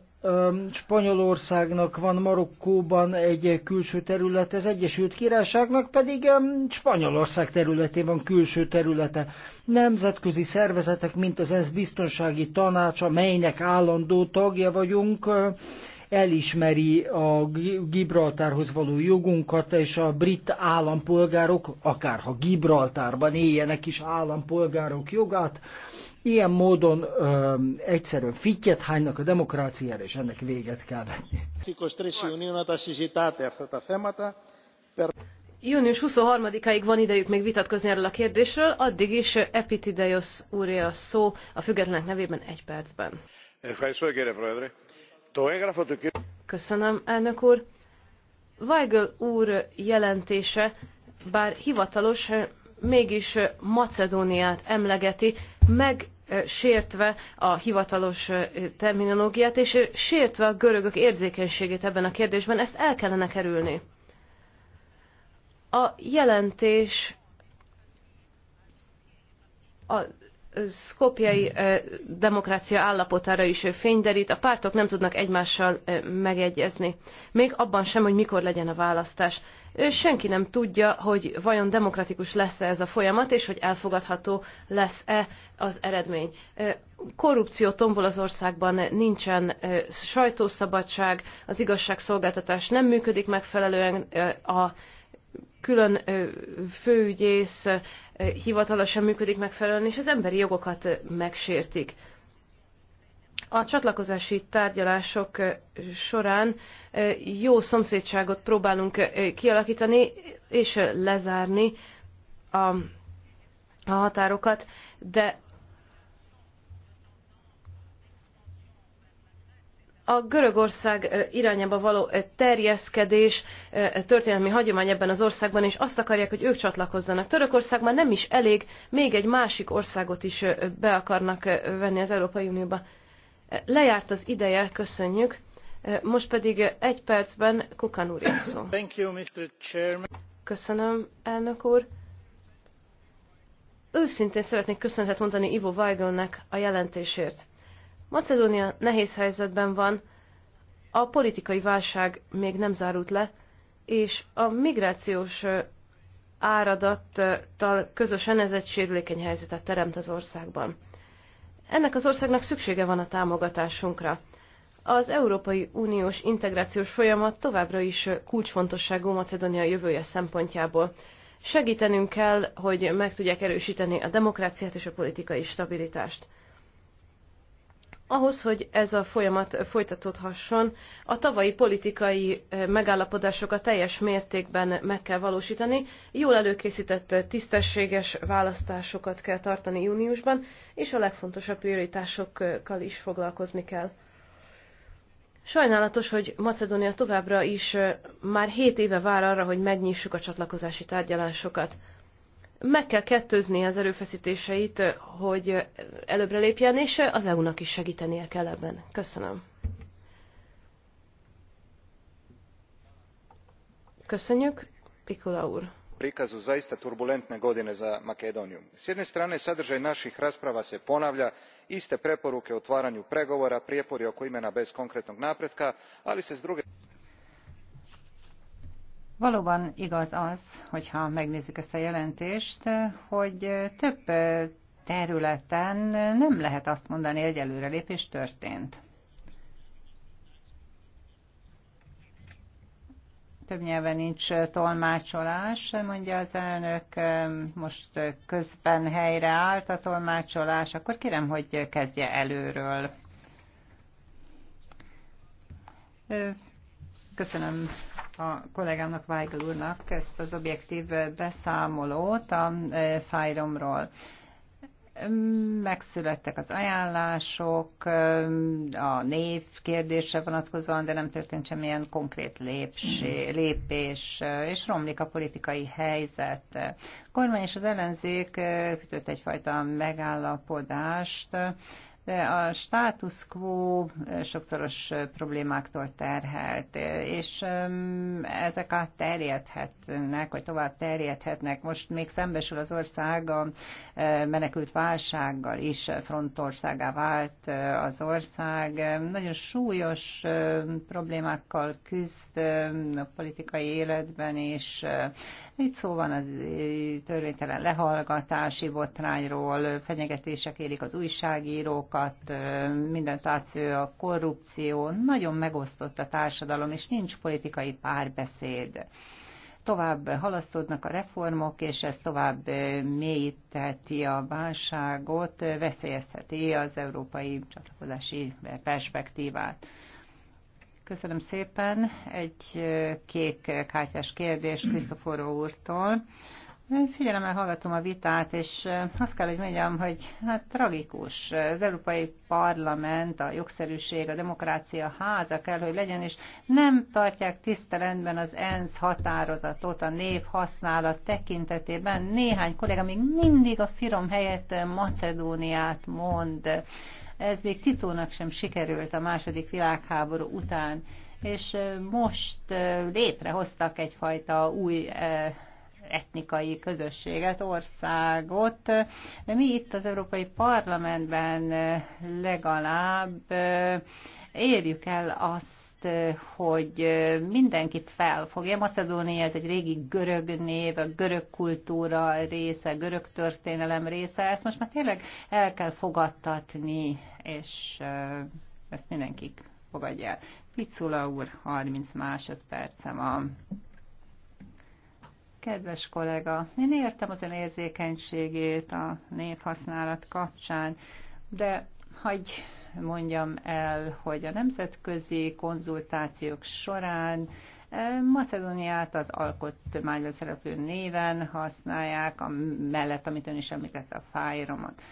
[SPEAKER 2] Spanyolországnak van Marokkóban egy külső terület, az Egyesült Királyságnak pedig Spanyolország területén van külső területe. Nemzetközi szervezetek, mint az ENSZ biztonsági tanácsa, melynek állandó tagja vagyunk, elismeri a Gibraltárhoz való jogunkat, és a brit állampolgárok, akárha Gibraltárban éljenek is állampolgárok jogát, Ilyen módon ö, egyszerűen fittyet hánynak a demokráciára, és ennek véget kell venni.
[SPEAKER 1] Június 23-áig van idejük még vitatkozni erről a kérdésről, addig is Epitideios úré a szó a függetlenek nevében egy percben. Köszönöm, elnök úr. Weigel úr jelentése, bár hivatalos, mégis Macedóniát emlegeti, megsértve a hivatalos terminológiát, és sértve a görögök érzékenységét ebben a kérdésben. Ezt el kellene kerülni. A jelentés a szkopjai demokrácia állapotára is fényderít, a pártok nem tudnak egymással megegyezni. Még abban sem, hogy mikor legyen a választás. Senki nem tudja, hogy vajon demokratikus lesz-e ez a folyamat, és hogy elfogadható lesz-e az eredmény. Korrupció tombol az országban, nincsen sajtószabadság, az igazságszolgáltatás nem működik megfelelően, a külön főügyész hivatalosan működik megfelelően, és az emberi jogokat megsértik. A csatlakozási tárgyalások során jó szomszédságot próbálunk kialakítani és lezárni a, a határokat, de A Görögország irányába való terjeszkedés történelmi hagyomány ebben az országban, és azt akarják, hogy ők csatlakozzanak. Törökország már nem is elég, még egy másik országot is be akarnak venni az Európai Unióba. Lejárt az ideje, köszönjük. Most pedig egy percben Kukan úr szó. Köszönöm, elnök úr. Őszintén szeretnék köszönetet mondani Ivo Weigelnek a jelentésért. Macedónia nehéz helyzetben van, a politikai válság még nem zárult le, és a migrációs áradattal közösen ez egy sérülékeny helyzetet teremt az országban. Ennek az országnak szüksége van a támogatásunkra. Az Európai Uniós integrációs folyamat továbbra is kulcsfontosságú Macedónia jövője szempontjából. Segítenünk kell, hogy meg tudják erősíteni a demokráciát és a politikai stabilitást. Ahhoz, hogy ez a folyamat folytatódhasson, a tavalyi politikai megállapodásokat teljes mértékben meg kell valósítani, jól előkészített tisztességes választásokat kell tartani júniusban, és a legfontosabb prioritásokkal is foglalkozni kell. Sajnálatos, hogy Macedónia továbbra is már 7 éve vár arra, hogy megnyissuk a csatlakozási tárgyalásokat meg kell kettőzni az erőfeszítéseit, hogy előbbre lépjen, és az EU-nak is segítenie kell ebben. Köszönöm. Köszönjük, Pikula úr.
[SPEAKER 5] prikazu zaista turbulentne godine za makedoniju. s jedne strane sadržaj naših rasprava se ponavlja iste preporuke o otvaranju pregovora prijepori oko imena bez konkretnog napretka ali se s druge.
[SPEAKER 4] Valóban igaz az, hogyha megnézzük ezt a jelentést, hogy több területen nem lehet azt mondani, hogy előrelépés történt. több nyelven nincs tolmácsolás, mondja az elnök, most közben helyreállt a tolmácsolás, akkor kérem, hogy kezdje előről. Köszönöm a kollégámnak, Weigl úrnak ezt az objektív beszámolót a e, fájromról megszülettek az ajánlások, e, a név kérdése vonatkozóan, de nem történt semmilyen konkrét lépsé, lépés, e, és romlik a politikai helyzet. A kormány és az ellenzék kötött egyfajta megállapodást, a status quo sokszoros problémáktól terhelt, és ezek át terjedhetnek, vagy tovább terjedhetnek. Most még szembesül az ország a menekült válsággal is, frontországá vált az ország. Nagyon súlyos problémákkal küzd a politikai életben, és itt szó van az törvénytelen lehallgatási botrányról, fenyegetések érik az újságírókat, mindent átsző a korrupció, nagyon megosztott a társadalom, és nincs politikai párbeszéd tovább halasztódnak a reformok, és ez tovább mélyíteti a válságot, veszélyezheti az európai csatlakozási perspektívát. Köszönöm szépen. Egy kék kártyás kérdés Krisztoforó úrtól. Figyelemmel hallgatom a vitát, és azt kell, hogy mondjam, hogy hát tragikus. Az Európai Parlament, a jogszerűség, a demokrácia háza kell, hogy legyen, és nem tartják tisztelendben az ENSZ határozatot a név használat tekintetében. Néhány kollega még mindig a firom helyett Macedóniát mond. Ez még Titónak sem sikerült a második világháború után, és most létrehoztak egyfajta új etnikai közösséget, országot. Mi itt az Európai Parlamentben legalább érjük el azt, hogy mindenkit felfogja. Macedónia ez egy régi görög név, a görög kultúra része, görög történelem része, ezt most már tényleg el kell fogadtatni és ezt mindenki fogadja el. Picula úr, 30 másodperce van. Kedves kollega, én értem az ön érzékenységét a névhasználat kapcsán, de hagyj mondjam el, hogy a nemzetközi konzultációk során Macedóniát az alkotmányra szereplő néven használják, a mellett, amit ön is említett, a fájromot.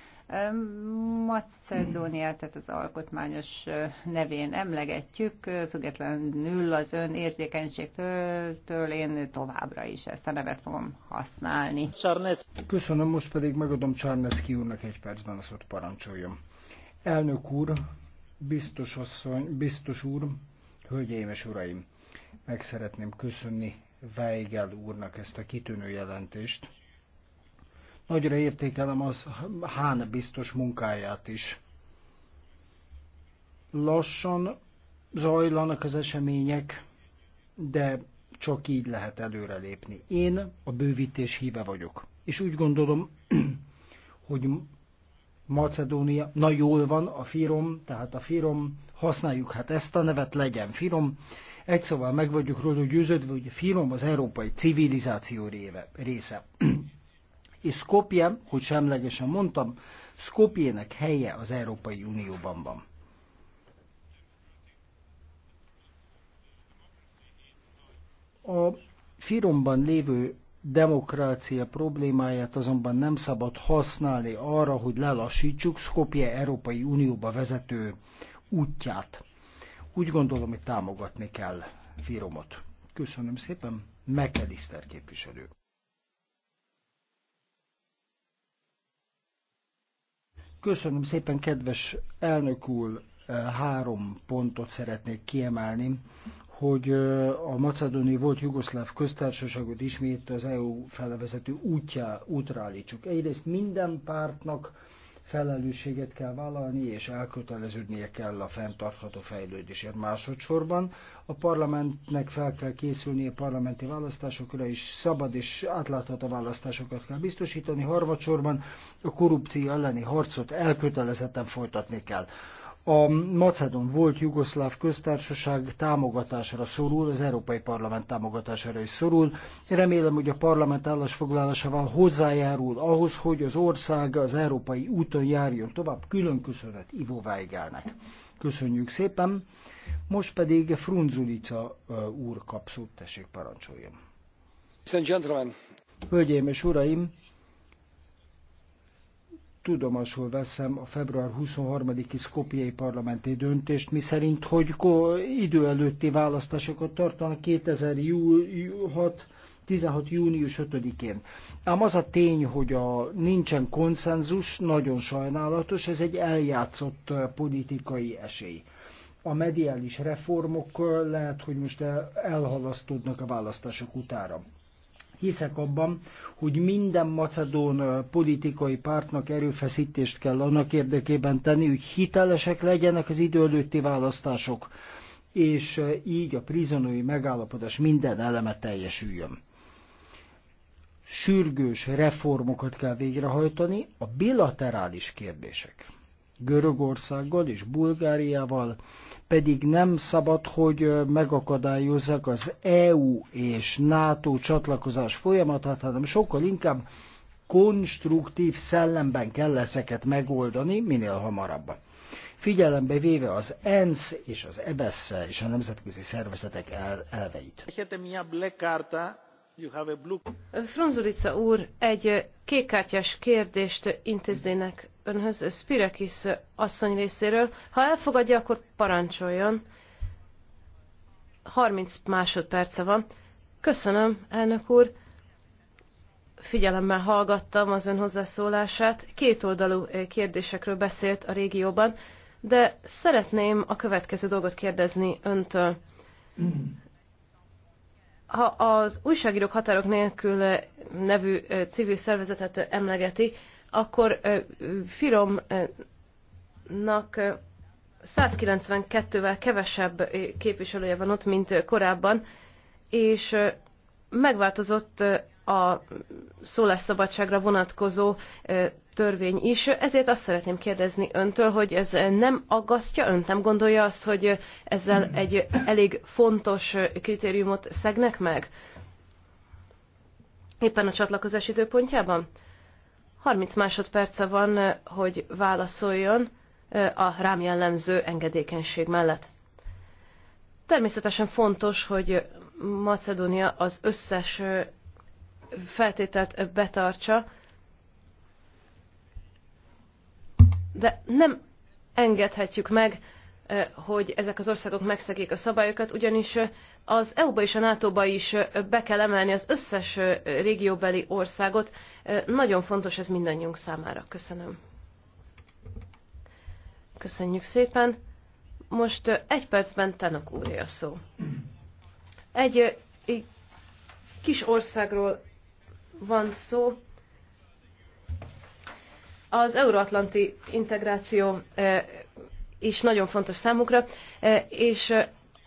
[SPEAKER 4] Macedóniát, tehát az alkotmányos nevén emlegetjük, függetlenül az ön érzékenységtől én továbbra is ezt a nevet fogom használni.
[SPEAKER 2] Köszönöm, most pedig megadom Csarneszki úrnak egy percben, azt parancsoljon. Elnök úr, biztos, asszony, biztos úr, hölgyeim és uraim, meg szeretném köszönni Weigel úrnak ezt a kitűnő jelentést Nagyra értékelem az Hán biztos munkáját is. Lassan zajlanak az események, de csak így lehet előrelépni. Én a bővítés híve vagyok. És úgy gondolom, hogy Macedónia, na jól van, a Firom, tehát a Firom, használjuk hát ezt a nevet, legyen Firom. Egy szóval meg vagyok róla győződve, hogy a Firom az európai civilizáció réve, része. és Skopje, hogy semlegesen mondtam, Skopjének helye az Európai Unióban van. A Firomban lévő demokrácia problémáját azonban nem szabad használni arra, hogy lelassítsuk Skopje Európai Unióba vezető útját. Úgy gondolom, hogy támogatni kell Firomot. Köszönöm szépen, McAllister képviselő. Köszönöm szépen, kedves elnök úr! Három pontot szeretnék kiemelni, hogy a macedoni volt jugoszláv köztársaságot ismét az EU felvezető útjá, útra állítsuk. Egyrészt minden pártnak felelősséget kell vállalni, és elköteleződnie kell a fenntartható fejlődésért. Másodszorban a parlamentnek fel kell készülni a parlamenti választásokra, és szabad és átlátható választásokat kell biztosítani. Harmadsorban a korrupció elleni harcot elkötelezetten folytatni kell a Macedon volt Jugoszláv köztársaság támogatásra szorul, az Európai Parlament támogatására is szorul. Remélem, hogy a parlament állásfoglalásával hozzájárul ahhoz, hogy az ország az európai úton járjon tovább. Külön köszönet Ivo Weigelnek. Köszönjük szépen. Most pedig Frunzulica úr kap szót, tessék parancsoljon. Hölgyeim és uraim, tudomásul veszem a február 23-i Skopjai parlamenti döntést, miszerint, hogy idő előtti választásokat tartanak 2006 16. június 5-én. Ám az a tény, hogy a nincsen konszenzus, nagyon sajnálatos, ez egy eljátszott politikai esély. A mediális reformok lehet, hogy most elhalasztódnak a választások utára. Hiszek abban, hogy minden macedón politikai pártnak erőfeszítést kell annak érdekében tenni, hogy hitelesek legyenek az idő előtti választások, és így a prizonói megállapodás minden eleme teljesüljön sürgős reformokat kell végrehajtani a bilaterális kérdések. Görögországgal és Bulgáriával pedig nem szabad, hogy megakadályozzák az EU és NATO csatlakozás folyamatát, hanem sokkal inkább konstruktív szellemben kell ezeket megoldani minél hamarabb. Figyelembe véve az ENSZ és az EBSZ e és a nemzetközi szervezetek elveit.
[SPEAKER 1] Franzulica úr, egy kékkártyás kérdést intéznének önhöz Spirekis asszony részéről. Ha elfogadja, akkor parancsoljon. 30 másodperce van. Köszönöm, elnök úr. Figyelemmel hallgattam az ön hozzászólását. Kétoldalú kérdésekről beszélt a régióban, de szeretném a következő dolgot kérdezni öntől. Ha az újságírók határok nélkül nevű civil szervezetet emlegeti, akkor Firomnak 192-vel kevesebb képviselője van ott, mint korábban, és megváltozott a szólásszabadságra vonatkozó törvény is. Ezért azt szeretném kérdezni öntől, hogy ez nem aggasztja önt, nem gondolja azt, hogy ezzel egy elég fontos kritériumot szegnek meg? Éppen a csatlakozás időpontjában? 30 másodperce van, eh, hogy válaszoljon eh, a rám jellemző engedékenység mellett. Természetesen fontos, hogy Macedónia az összes eh, feltételt betartsa, de nem engedhetjük meg, hogy ezek az országok megszegik a szabályokat, ugyanis az EU-ba és a NATO-ba is be kell emelni az összes régióbeli országot. Nagyon fontos ez mindannyiunk számára. Köszönöm. Köszönjük szépen. Most egy percben Tenok úré a szó. Egy, egy kis országról van szó. Az euróatlanti integráció is nagyon fontos számukra, és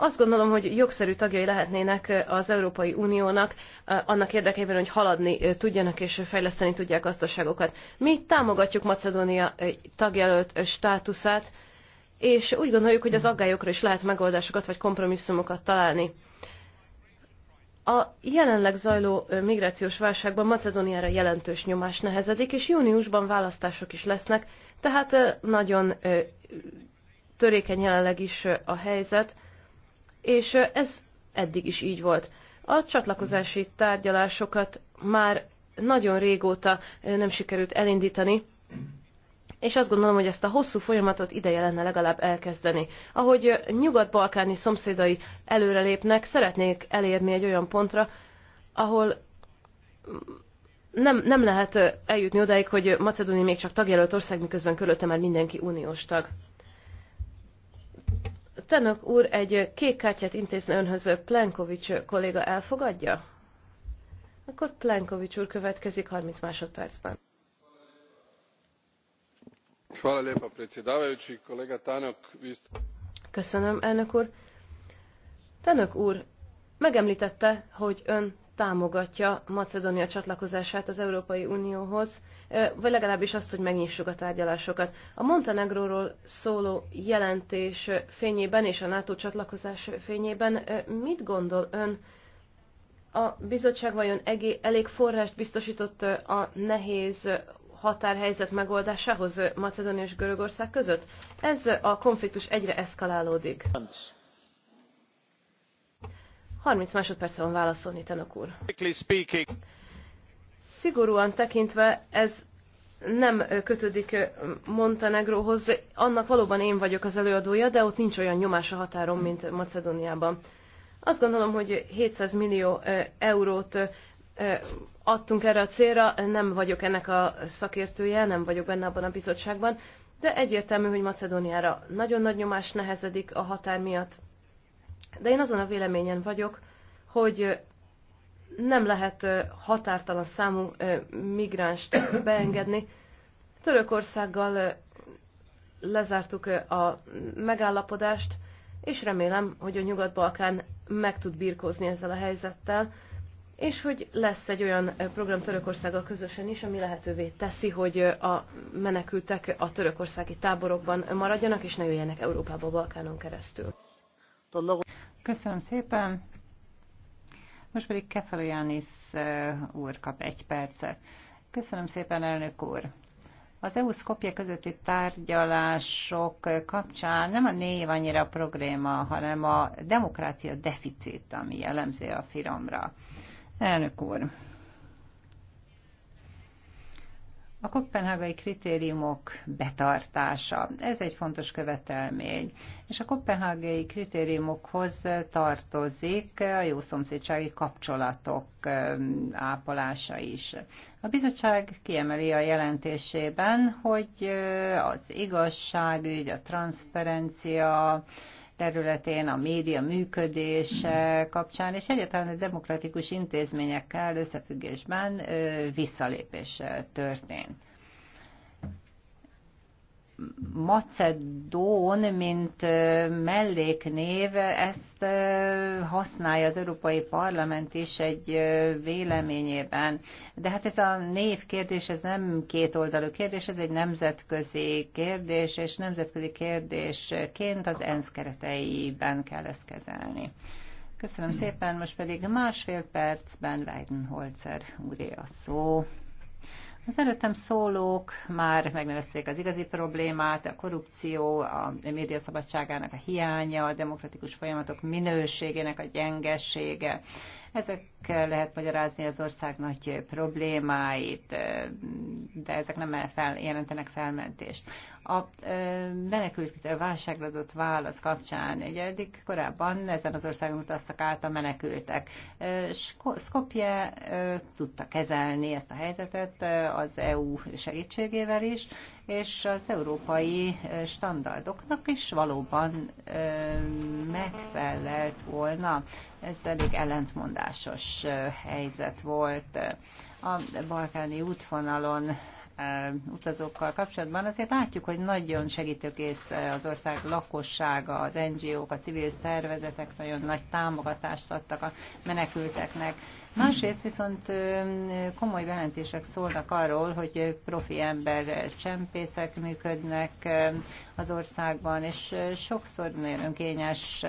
[SPEAKER 1] azt gondolom, hogy jogszerű tagjai lehetnének eh, az Európai Uniónak eh, annak érdekében, hogy haladni eh, tudjanak és fejleszteni tudják gazdaságokat. Mi támogatjuk Macedónia tagjelölt státuszát, és úgy gondoljuk, hogy az aggályokra is lehet megoldásokat vagy kompromisszumokat találni. A jelenleg zajló migrációs válságban Macedóniára jelentős nyomás nehezedik, és júniusban választások is lesznek, tehát nagyon törékeny jelenleg is a helyzet, és ez eddig is így volt. A csatlakozási tárgyalásokat már nagyon régóta nem sikerült elindítani, és azt gondolom, hogy ezt a hosszú folyamatot ideje lenne legalább elkezdeni. Ahogy nyugat-balkáni szomszédai előrelépnek, szeretnék elérni egy olyan pontra, ahol nem, nem lehet eljutni odáig, hogy Macedónia még csak tagjelölt ország, miközben körülötte már mindenki uniós tag. Tanok úr egy kék kártyát intézne önhöz, Plenkovics kolléga elfogadja? Akkor Plenkovics úr következik 30 másodpercben. Köszönöm, elnök úr. Tanök úr, megemlítette, hogy ön támogatja Macedónia csatlakozását az Európai Unióhoz, vagy legalábbis azt, hogy megnyissuk a tárgyalásokat. A Montenegróról szóló jelentés fényében és a NATO csatlakozás fényében mit gondol ön? A bizottság vajon elég forrást biztosított a nehéz határhelyzet megoldásához Macedónia és Görögország között? Ez a konfliktus egyre eszkalálódik. 30 másodperc van válaszolni, tanok úr. Szigorúan tekintve ez nem kötődik Montenegróhoz. Annak valóban én vagyok az előadója, de ott nincs olyan nyomás a határon, mint Macedóniában. Azt gondolom, hogy 700 millió eurót adtunk erre a célra, nem vagyok ennek a szakértője, nem vagyok benne abban a bizottságban, de egyértelmű, hogy Macedóniára nagyon nagy nyomás nehezedik a határ miatt. De én azon a véleményen vagyok, hogy nem lehet határtalan számú migránst beengedni. Törökországgal lezártuk a megállapodást, és remélem, hogy a Nyugat-Balkán meg tud birkózni ezzel a helyzettel, és hogy lesz egy olyan program Törökországgal közösen is, ami lehetővé teszi, hogy a menekültek a törökországi táborokban maradjanak, és ne jöjjenek Európába a Balkánon keresztül. Köszönöm szépen. Most pedig
[SPEAKER 4] Jánisz eh, úr kap egy percet. Köszönöm szépen, elnök úr. Az EU Skopje közötti tárgyalások kapcsán nem a név annyira a probléma, hanem a demokrácia deficit, ami jellemző a firomra. Elnök úr, A kopenhágai kritériumok betartása, ez egy fontos követelmény, és a kopenhágai kritériumokhoz tartozik a jó szomszédsági kapcsolatok ápolása is. A bizottság kiemeli a jelentésében, hogy az igazságügy, a transzparencia, területén, a média működése kapcsán, és egyáltalán a demokratikus intézményekkel összefüggésben visszalépés történt. Macedón, mint melléknév, ezt használja az Európai Parlament is egy véleményében. De hát ez a név kérdés, ez nem kétoldalú kérdés, ez egy nemzetközi kérdés, és nemzetközi kérdésként az ENSZ kereteiben kell ezt kezelni. Köszönöm szépen, most pedig másfél percben Weidenholzer úré a szó. Az előttem szólók már megnevezték az igazi problémát, a korrupció, a médiaszabadságának a hiánya, a demokratikus folyamatok minőségének a gyengesége. Ezekkel lehet magyarázni az ország nagy problémáit, de ezek nem e fel, jelentenek felmentést. A menekült válságra adott válasz kapcsán, ugye eddig korábban ezen az országon utaztak át a menekültek. Skopje tudta kezelni ezt a helyzetet az EU segítségével is, és az európai standardoknak is valóban megfelelt volna. Ez elég ellentmondásos helyzet volt. A balkáni útvonalon utazókkal kapcsolatban azért látjuk, hogy nagyon segítőkész az ország lakossága, az NGO-k, a civil szervezetek nagyon nagy támogatást adtak a menekülteknek Másrészt viszont komoly jelentések szólnak arról, hogy profi ember csempészek működnek az országban, és sokszor nagyon önkényes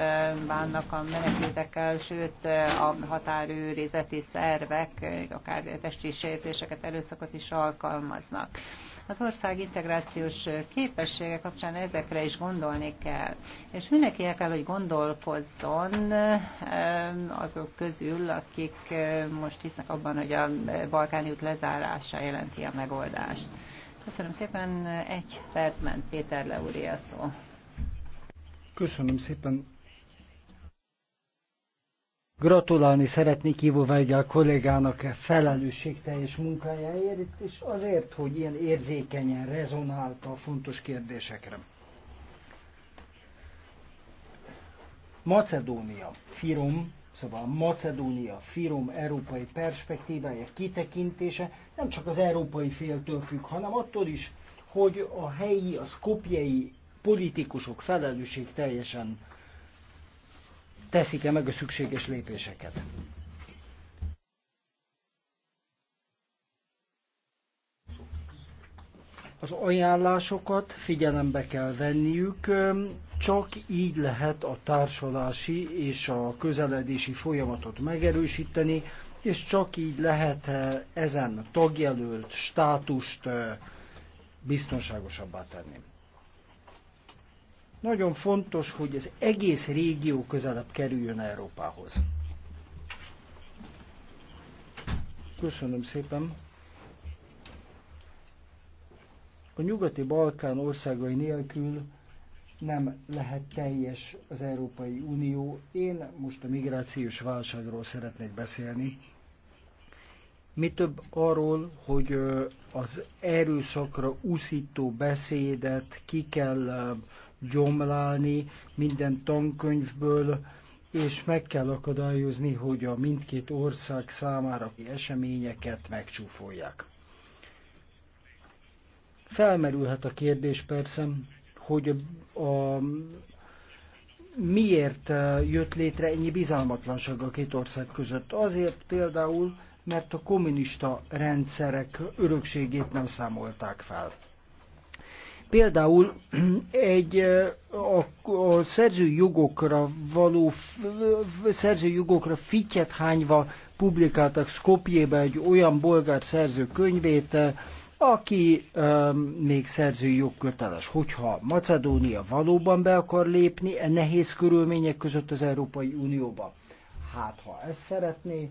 [SPEAKER 4] bánnak a menekültekkel, sőt a határőrizeti szervek, akár testi sértéseket, erőszakot is alkalmaznak. Az ország integrációs képessége kapcsán ezekre is gondolni kell. És mindenki el kell, hogy gondolkozzon eh, azok közül, akik eh, most hisznek abban, hogy a balkáni út lezárása jelenti a megoldást. Köszönöm szépen, egy percben Péter Leúri a szó.
[SPEAKER 2] Köszönöm szépen, Gratulálni szeretnék Ivo a kollégának e felelősségteljes munkájáért, és azért, hogy ilyen érzékenyen rezonálta a fontos kérdésekre. Macedónia, Firom, szóval Macedónia, Firom európai perspektívája, kitekintése nem csak az európai féltől függ, hanem attól is, hogy a helyi, a szkopjei politikusok felelősség teljesen teszik-e meg a szükséges lépéseket. Az ajánlásokat figyelembe kell venniük, csak így lehet a társulási és a közeledési folyamatot megerősíteni, és csak így lehet ezen tagjelölt státust biztonságosabbá tenni. Nagyon fontos, hogy az egész régió közelebb kerüljön Európához. Köszönöm szépen. A nyugati Balkán országai nélkül nem lehet teljes az Európai Unió. Én most a migrációs válságról szeretnék beszélni. Mi több arról, hogy az erőszakra úszító beszédet ki kell gyomlálni minden tankönyvből, és meg kell akadályozni, hogy a mindkét ország számára eseményeket megcsúfolják. Felmerülhet a kérdés persze, hogy a, miért jött létre ennyi bizalmatlanság a két ország között. Azért például, mert a kommunista rendszerek örökségét nem számolták fel. Például egy a, a szerzőjogokra való, szerzőjogokra fityet hányva publikáltak Skopjébe egy olyan bolgár szerző könyvét, aki ö, még szerzői jogköteles. Hogyha Macedónia valóban be akar lépni e nehéz körülmények között az Európai Unióba, hát ha ezt szeretné,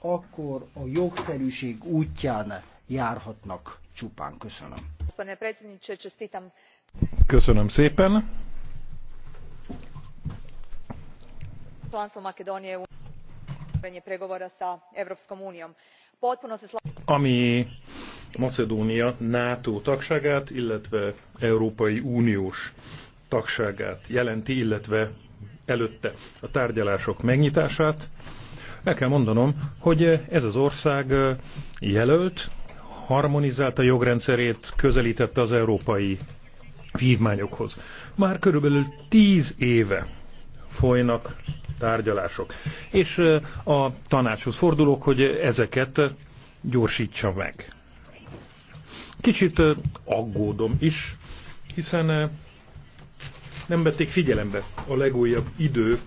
[SPEAKER 2] akkor a jogszerűség útján járhatnak csupán. Köszönöm.
[SPEAKER 3] Köszönöm szépen. Ami Macedónia NATO tagságát, illetve Európai Uniós tagságát jelenti, illetve előtte a tárgyalások megnyitását. El kell mondanom, hogy ez az ország jelölt, harmonizálta jogrendszerét, közelítette az európai vívmányokhoz. Már körülbelül tíz éve folynak tárgyalások. És a tanácshoz fordulok, hogy ezeket gyorsítsa meg. Kicsit aggódom is, hiszen nem vették figyelembe a legújabb idő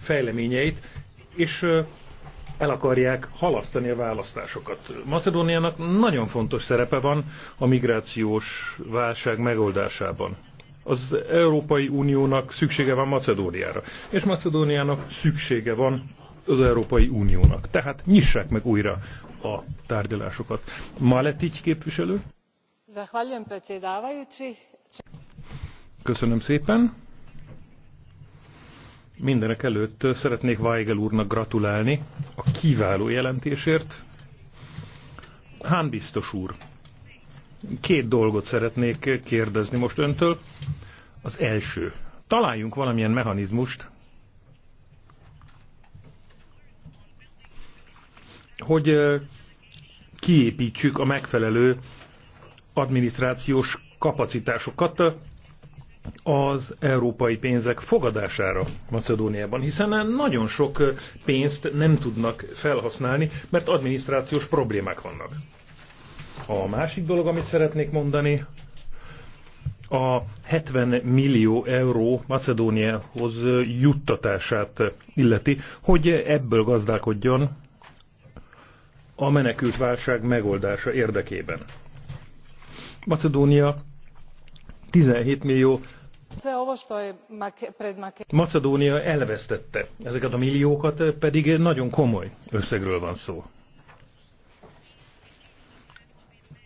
[SPEAKER 3] fejleményeit, és el akarják halasztani a választásokat. Macedóniának nagyon fontos szerepe van a migrációs válság megoldásában. Az Európai Uniónak szüksége van Macedóniára, és Macedóniának szüksége van az Európai Uniónak. Tehát nyissák meg újra a tárgyalásokat. Maletic képviselő. Köszönöm szépen. Mindenek előtt szeretnék Weigel úrnak gratulálni a kiváló jelentésért. Hán biztos úr, két dolgot szeretnék kérdezni most öntől. Az első, találjunk valamilyen mechanizmust, hogy kiépítsük a megfelelő adminisztrációs kapacitásokat az európai pénzek fogadására Macedóniában, hiszen nagyon sok pénzt nem tudnak felhasználni, mert adminisztrációs problémák vannak. A másik dolog, amit szeretnék mondani, a 70 millió euró Macedóniához juttatását illeti, hogy ebből gazdálkodjon a menekült válság megoldása érdekében. Macedónia 17 millió Macedónia elvesztette ezeket a milliókat, pedig nagyon komoly összegről van szó.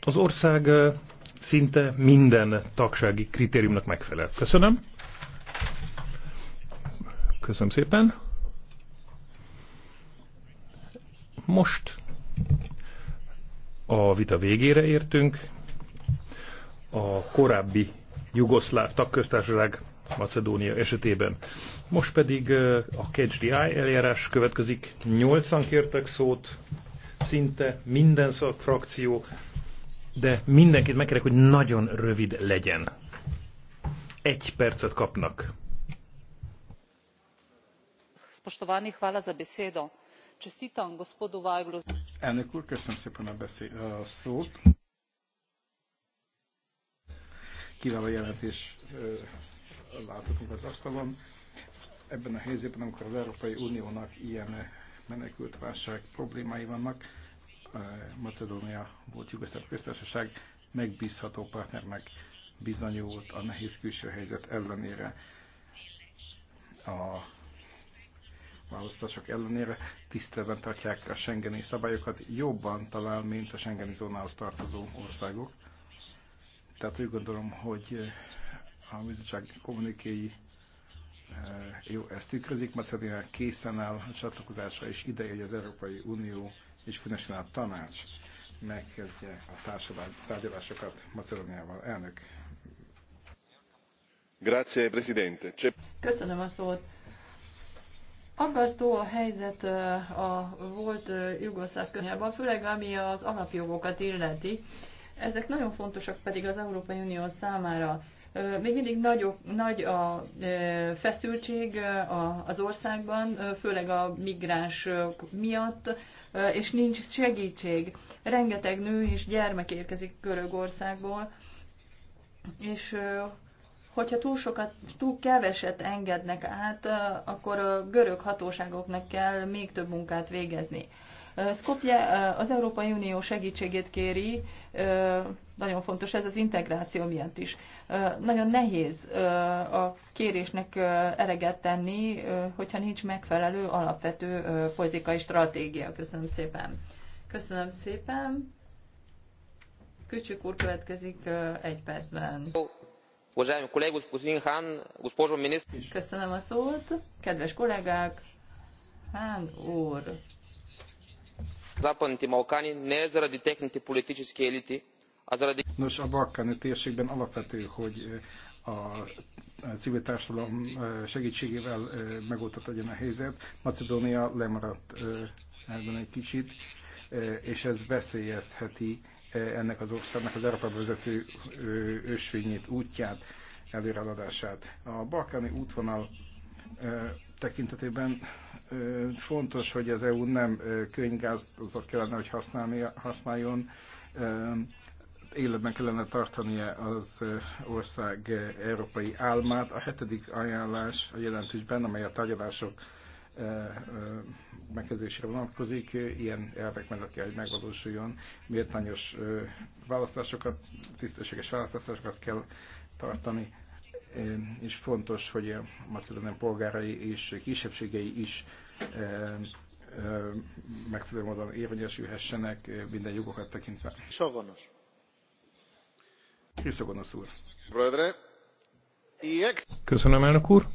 [SPEAKER 3] Az ország szinte minden tagsági kritériumnak megfelel. Köszönöm. Köszönöm szépen. Most a vita végére értünk. A korábbi jugoszláv tagköztársaság Macedónia esetében. Most pedig a KDI eljárás következik. Nyolcan kértek szót, szinte minden szakfrakció, de mindenkit megkérek, hogy nagyon rövid legyen. Egy percet kapnak.
[SPEAKER 4] Spoštovani, hvala za besedo. Čestitam gospodu Vajglu.
[SPEAKER 5] Elnök úr, köszönöm szépen a, beszé- a szót kiváló jelentés láthatunk az asztalon. Ebben a helyzetben, amikor az Európai Uniónak ilyen menekült válság problémái vannak, Macedónia volt Jugoszláv köztársaság megbízható partnernek bizonyult a nehéz külső helyzet ellenére, a választások ellenére tiszteletben tartják a Schengeni szabályokat jobban talán, mint a Schengeni zónához tartozó országok tehát úgy gondolom, hogy eh, a bizottság kommunikéi eh, jó, ezt tükrözik, szerintem készen áll a csatlakozásra, és ideje, hogy az Európai Unió és különösen a tanács megkezdje a társadalmi tárgyalásokat Macedóniával. Elnök. Grazie, Presidente.
[SPEAKER 6] Köszönöm a szót. Aggasztó a helyzet eh, a volt jugoszláv főleg ami az alapjogokat illeti ezek nagyon fontosak pedig az Európai Unió számára. Még mindig nagy, nagy a feszültség az országban, főleg a migráns miatt, és nincs segítség. Rengeteg nő és gyermek érkezik Görögországból, és hogyha túl sokat, túl keveset engednek át, akkor a görög hatóságoknak kell még több munkát végezni. Skopje az Európai Unió segítségét kéri, nagyon fontos ez az integráció miatt is. Nagyon nehéz a kérésnek eleget tenni, hogyha nincs megfelelő alapvető politikai stratégia. Köszönöm szépen. Köszönöm szépen. Köcsük úr következik egy percben. Köszönöm a szót. Kedves kollégák, Hán úr,
[SPEAKER 2] Zapadni Balkáni ne zaradi tehniti politikai eliti,
[SPEAKER 5] Nos, a balkáni térségben alapvető, hogy eh, a civil társadalom eh, segítségével eh, megoldhat legyen a helyzet. Macedónia lemaradt ebben egy kicsit, és ez veszélyeztheti ennek az országnak az Európa vezető ösvényét, útját, előreladását. A balkáni útvonal tekintetében fontos, hogy az EU nem azok kellene, hogy használjon, életben kellene tartania az ország európai álmát. A hetedik ajánlás a jelentésben, amely a tárgyalások megkezdésére vonatkozik, ilyen elvek mellett kell, hogy megvalósuljon. Méltányos választásokat, tisztességes választásokat kell tartani és fontos, hogy a macedónia polgárai és kisebbségei is megfelelő módon érvényesülhessenek minden jogokat tekintve. Sogonos. Kriszogonosz úr.
[SPEAKER 3] Köszönöm, elnök úr.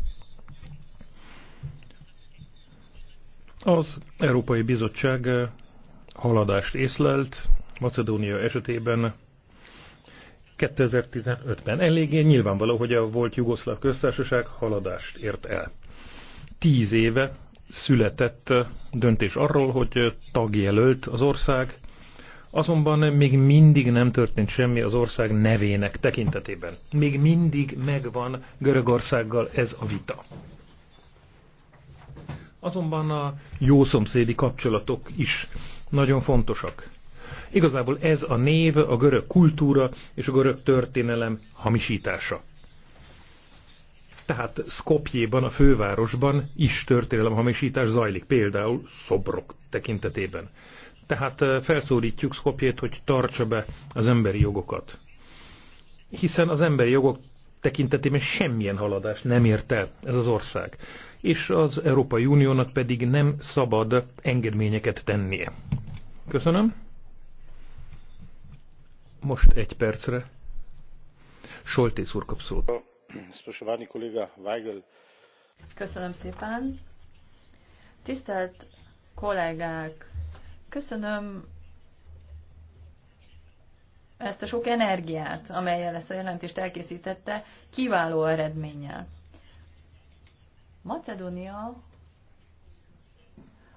[SPEAKER 3] Az Európai Bizottság haladást észlelt Macedónia esetében 2015-ben. Eléggé nyilvánvaló, hogy a volt Jugoszláv köztársaság haladást ért el. Tíz éve született döntés arról, hogy tagjelölt az ország, azonban még mindig nem történt semmi az ország nevének tekintetében. Még mindig megvan Görögországgal ez a vita. Azonban a szomszédi kapcsolatok is nagyon fontosak. Igazából ez a név, a görög kultúra és a görög történelem hamisítása. Tehát Skopjéban, a fővárosban is történelemhamisítás zajlik, például szobrok tekintetében. Tehát eh, felszólítjuk Skopjét, hogy tartsa be az emberi jogokat. Hiszen az emberi jogok tekintetében semmilyen haladást nem ért el ez az ország. És az Európai Uniónak pedig nem szabad engedményeket tennie. Köszönöm. Most egy percre.
[SPEAKER 5] Soltész úr kap szót.
[SPEAKER 6] Köszönöm szépen. Tisztelt kollégák, köszönöm ezt a sok energiát, amelyel ezt a jelentést elkészítette, kiváló eredménnyel. Macedónia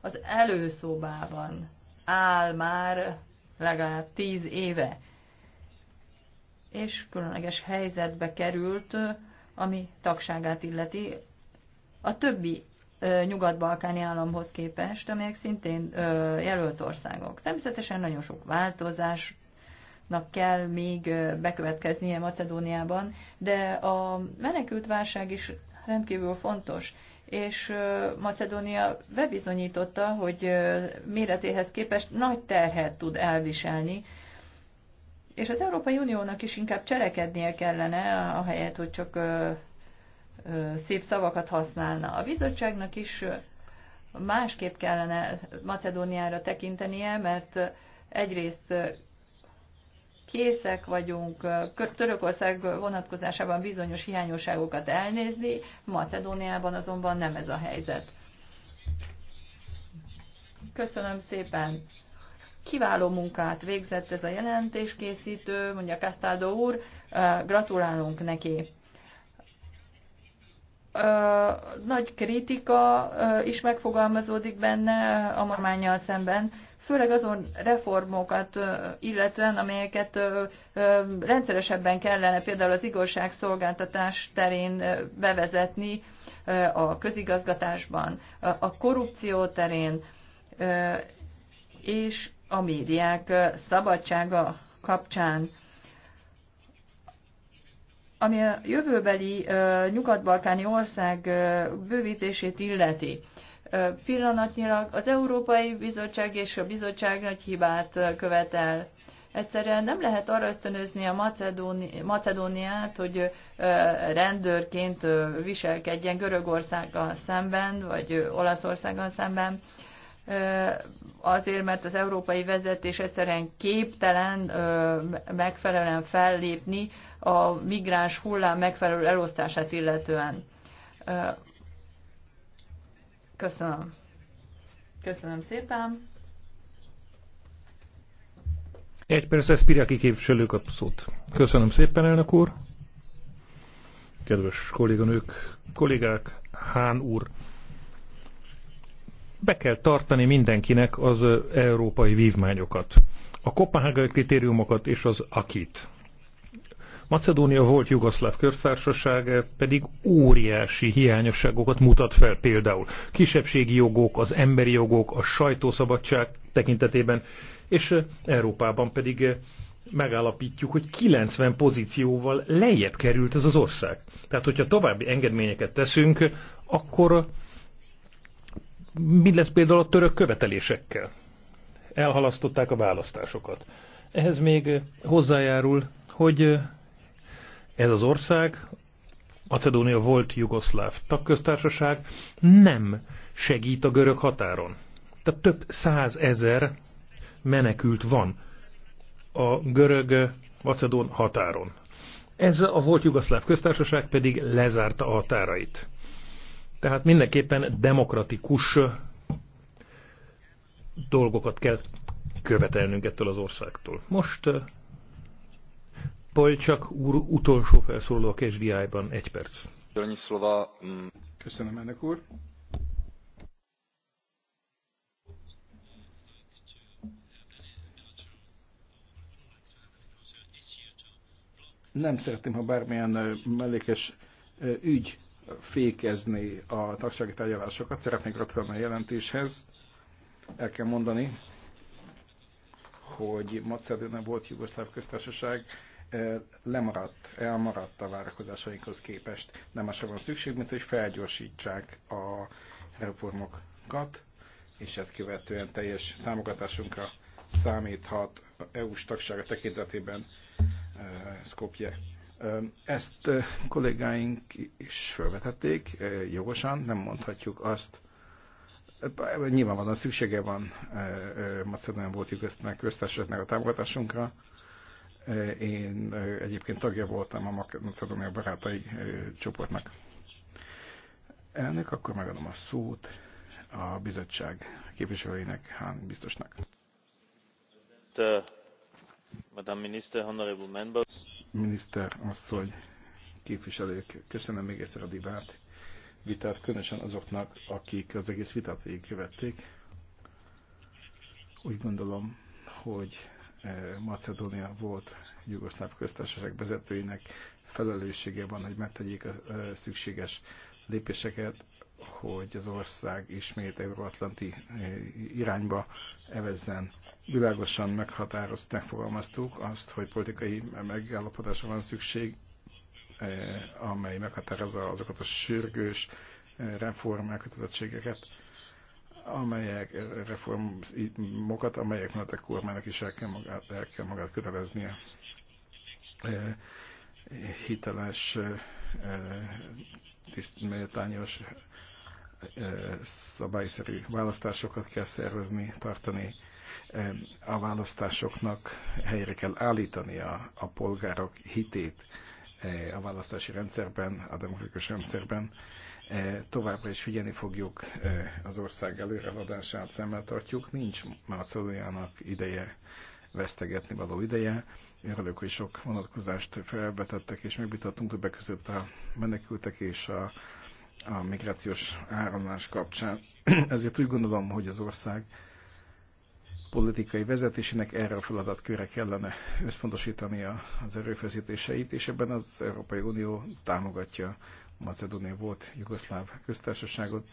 [SPEAKER 6] az előszobában áll már legalább tíz éve és különleges helyzetbe került, ami tagságát illeti a többi nyugat-balkáni államhoz képest, amelyek szintén jelölt országok. Természetesen nagyon sok változás kell még bekövetkeznie Macedóniában, de a menekült válság is rendkívül fontos, és Macedónia bebizonyította, hogy méretéhez képest nagy terhet tud elviselni és az Európai Uniónak is inkább cselekednie kellene, ahelyett, hogy csak ö, ö, szép szavakat használna. A bizottságnak is másképp kellene Macedóniára tekintenie, mert egyrészt készek vagyunk Törökország vonatkozásában bizonyos hiányosságokat elnézni, Macedóniában azonban nem ez a helyzet. Köszönöm szépen! Kiváló munkát végzett ez a jelentéskészítő, mondja Castaldo úr, gratulálunk neki. Nagy kritika is megfogalmazódik benne a kormányjal szemben, főleg azon reformokat illetően, amelyeket rendszeresebben kellene például az igazságszolgáltatás terén bevezetni a közigazgatásban, a korrupció terén, és a médiák szabadsága kapcsán. Ami a jövőbeli nyugat-balkáni ország bővítését illeti, pillanatnyilag az Európai Bizottság és a bizottság nagy hibát követel. Egyszerűen nem lehet arra ösztönözni a Macedóni- Macedóniát, hogy rendőrként viselkedjen Görögországgal szemben, vagy Olaszországgal szemben azért, mert az európai vezetés egyszerűen képtelen megfelelően fellépni a migráns hullám megfelelő elosztását illetően. Köszönöm. Köszönöm szépen.
[SPEAKER 3] Egy persze Spiraki képviselő kap szót. Köszönöm szépen, elnök úr. Kedves kolléganők, kollégák, Hán úr be kell tartani mindenkinek az európai vívmányokat, a kopenhágai kritériumokat és az akit. Macedónia volt jugoszláv köztársaság, pedig óriási hiányosságokat mutat fel például. Kisebbségi jogok, az emberi jogok, a sajtószabadság tekintetében, és Európában pedig megállapítjuk, hogy 90 pozícióval lejjebb került ez az ország. Tehát, hogyha további engedményeket teszünk, akkor mi lesz például a török követelésekkel? Elhalasztották a választásokat. Ehhez még hozzájárul, hogy ez az ország, Macedónia volt jugoszláv tagköztársaság, nem segít a görög határon. Tehát több százezer menekült van a görög-macedón határon. Ez a volt jugoszláv köztársaság pedig lezárta a határait. Tehát mindenképpen demokratikus dolgokat kell követelnünk ettől az országtól. Most eh, Polcsak úr utolsó felszóló a KSDI-ban, egy perc.
[SPEAKER 5] Mm. Köszönöm ennek úr. Nem szeretném, ha bármilyen eh, mellékes eh, ügy fékezni a tagsági tárgyalásokat. Szeretnék gratulálni a jelentéshez. El kell mondani, hogy Macedónia volt Jugoszláv köztársaság, eh, lemaradt, elmaradt a várakozásainkhoz képest. Nem másra van szükség, mint hogy felgyorsítsák a reformokat, és ezt követően teljes támogatásunkra számíthat EU-s tagsága tekintetében eh, Skopje ezt kollégáink is felvetették, jogosan, nem mondhatjuk azt, nyilvánvalóan szüksége van Macedónia volt Jugoszláv köztársaságnak a támogatásunkra. Én egyébként tagja voltam a Macedónia barátai csoportnak. Elnök, akkor megadom a szót a bizottság képviselőinek, Hán biztosnak.
[SPEAKER 3] Madame Minister, honorable members
[SPEAKER 5] miniszter asszony, képviselők, köszönöm még egyszer a divát vitát, különösen azoknak, akik az egész vitát végigkövették. Úgy gondolom, hogy eh, Macedónia volt Jugoszláv köztársaság vezetőinek felelőssége van, hogy megtegyék a eh, szükséges lépéseket hogy az ország ismét euróatlanti eh, irányba evezzen. Világosan meghatározt, megfogalmaztuk azt, hogy politikai megállapodásra van szükség, eh, amely meghatározza azokat a sürgős eh, elkötelezettségeket, amelyek reformokat, amelyek mellett a kormánynak is el kell magát, el kell magát köteleznie hiteles, tisztméltányos szabályszerű választásokat kell szervezni, tartani. A választásoknak helyre kell állítani a, a polgárok hitét a választási rendszerben, a demokratikus rendszerben. Továbbra is figyelni fogjuk az ország előrehaladását, szemmel tartjuk. Nincs Macedóniának ideje vesztegetni való ideje. Örülök, hogy sok vonatkozást felvetettek és megvitattunk többek között a menekültek és a a migrációs áramlás kapcsán. Ezért úgy gondolom, hogy az ország politikai vezetésének erre a feladatkörre kellene összpontosítani az erőfeszítéseit, és ebben az Európai Unió támogatja Macedónia volt Jugoszláv köztársaságot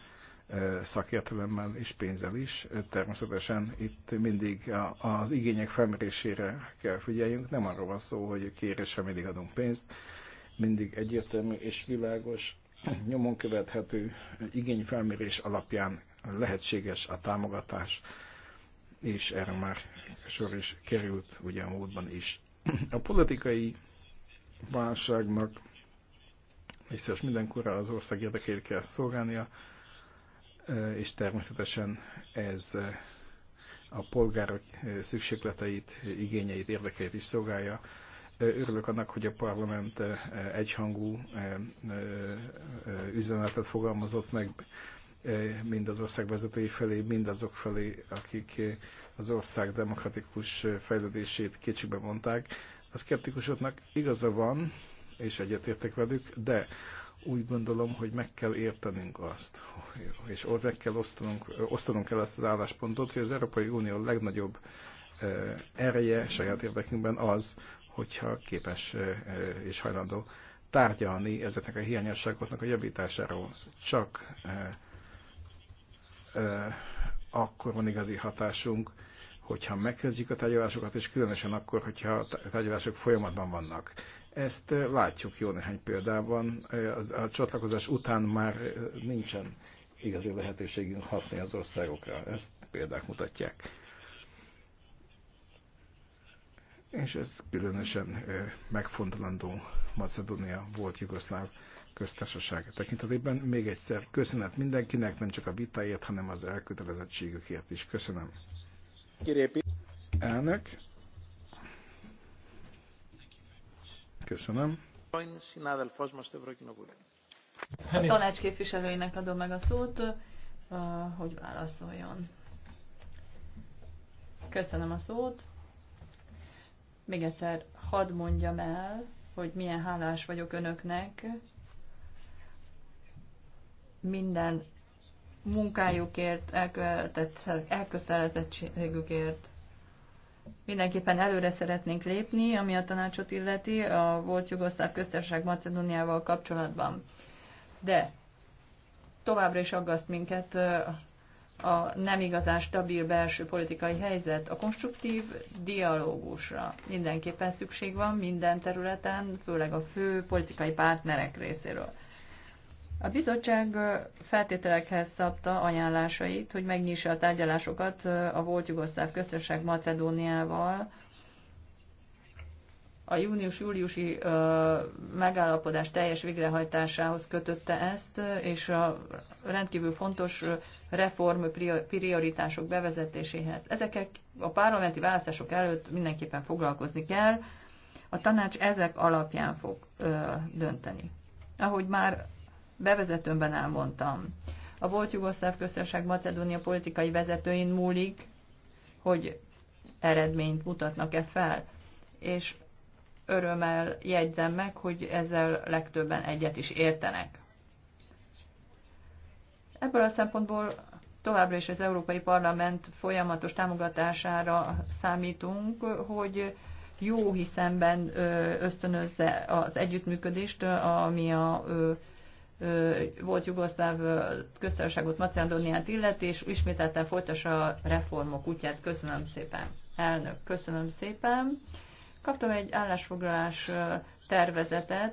[SPEAKER 5] eh, szakértelemmel és pénzzel is. Természetesen itt mindig az igények felmérésére kell figyeljünk, nem arról van szó, hogy kérésre mindig adunk pénzt, mindig egyértelmű és világos nyomon követhető igényfelmérés alapján lehetséges a támogatás, és erre már sor is került ugye a módban is. A politikai válságnak hiszen mindenkorra az ország érdekeit kell szolgálnia, és természetesen ez a polgárok szükségleteit, igényeit, érdekeit is szolgálja Örülök annak, hogy a parlament eh, egyhangú eh, eh, üzenetet fogalmazott meg mind az ország vezetői felé, mind azok felé, akik az ország demokratikus fejlődését kétségbe vonták. A szkeptikusoknak igaza van, és egyetértek velük, de úgy gondolom, hogy meg kell értenünk azt, és ott meg kell osztanunk, osztanunk el azt az álláspontot, hogy az Európai Unió legnagyobb ereje saját érdekünkben az, hogyha képes és hajlandó tárgyalni ezeknek a hiányosságoknak a javításáról. Csak akkor van igazi hatásunk, hogyha megkezdjük a tárgyalásokat, és különösen akkor, hogyha a tárgyalások folyamatban vannak. Ezt látjuk jó néhány példában. A csatlakozás után már nincsen igazi lehetőségünk hatni az országokra. Ezt példák mutatják és ez különösen megfontolandó Macedónia volt jugoszláv köztársaság tekintetében. Még egyszer köszönet mindenkinek, nem csak a vitáért, hanem az elkötelezettségükért is. Köszönöm. Kirépi. Elnök. Köszönöm.
[SPEAKER 6] A tanács képviselőinek adom meg a szót, hogy válaszoljon. Köszönöm a szót. Még egyszer hadd mondjam el, hogy milyen hálás vagyok önöknek minden munkájukért, elkövetett, elkötelezettségükért. Mindenképpen előre szeretnénk lépni, ami a tanácsot illeti, a volt Jugoszláv köztársaság Macedóniával kapcsolatban. De továbbra is aggaszt minket a nem igazán stabil belső politikai helyzet, a konstruktív dialógusra mindenképpen szükség van minden területen, főleg a fő politikai partnerek részéről. A bizottság feltételekhez szabta ajánlásait, hogy megnyissa a tárgyalásokat a volt Jugoszláv köztársaság Macedóniával, a június-júliusi megállapodás teljes végrehajtásához kötötte ezt, és a rendkívül fontos reform prioritások bevezetéséhez. Ezekkel a parlamenti választások előtt mindenképpen foglalkozni kell, a tanács ezek alapján fog ö, dönteni. Ahogy már bevezetőmben elmondtam, a volt Jugoszláv köztársaság Macedónia politikai vezetőin múlik, hogy eredményt mutatnak-e fel, és örömmel jegyzem meg, hogy ezzel legtöbben egyet is értenek. Ebből a szempontból továbbra is az Európai Parlament folyamatos támogatására számítunk, hogy jó hiszemben ösztönözze az együttműködést, ami a volt Jugoszláv köztársaságot Macedóniát illeti, és ismételten folytassa a reformok útját. Köszönöm szépen. Elnök, köszönöm szépen. Kaptam egy állásfoglalás tervezetet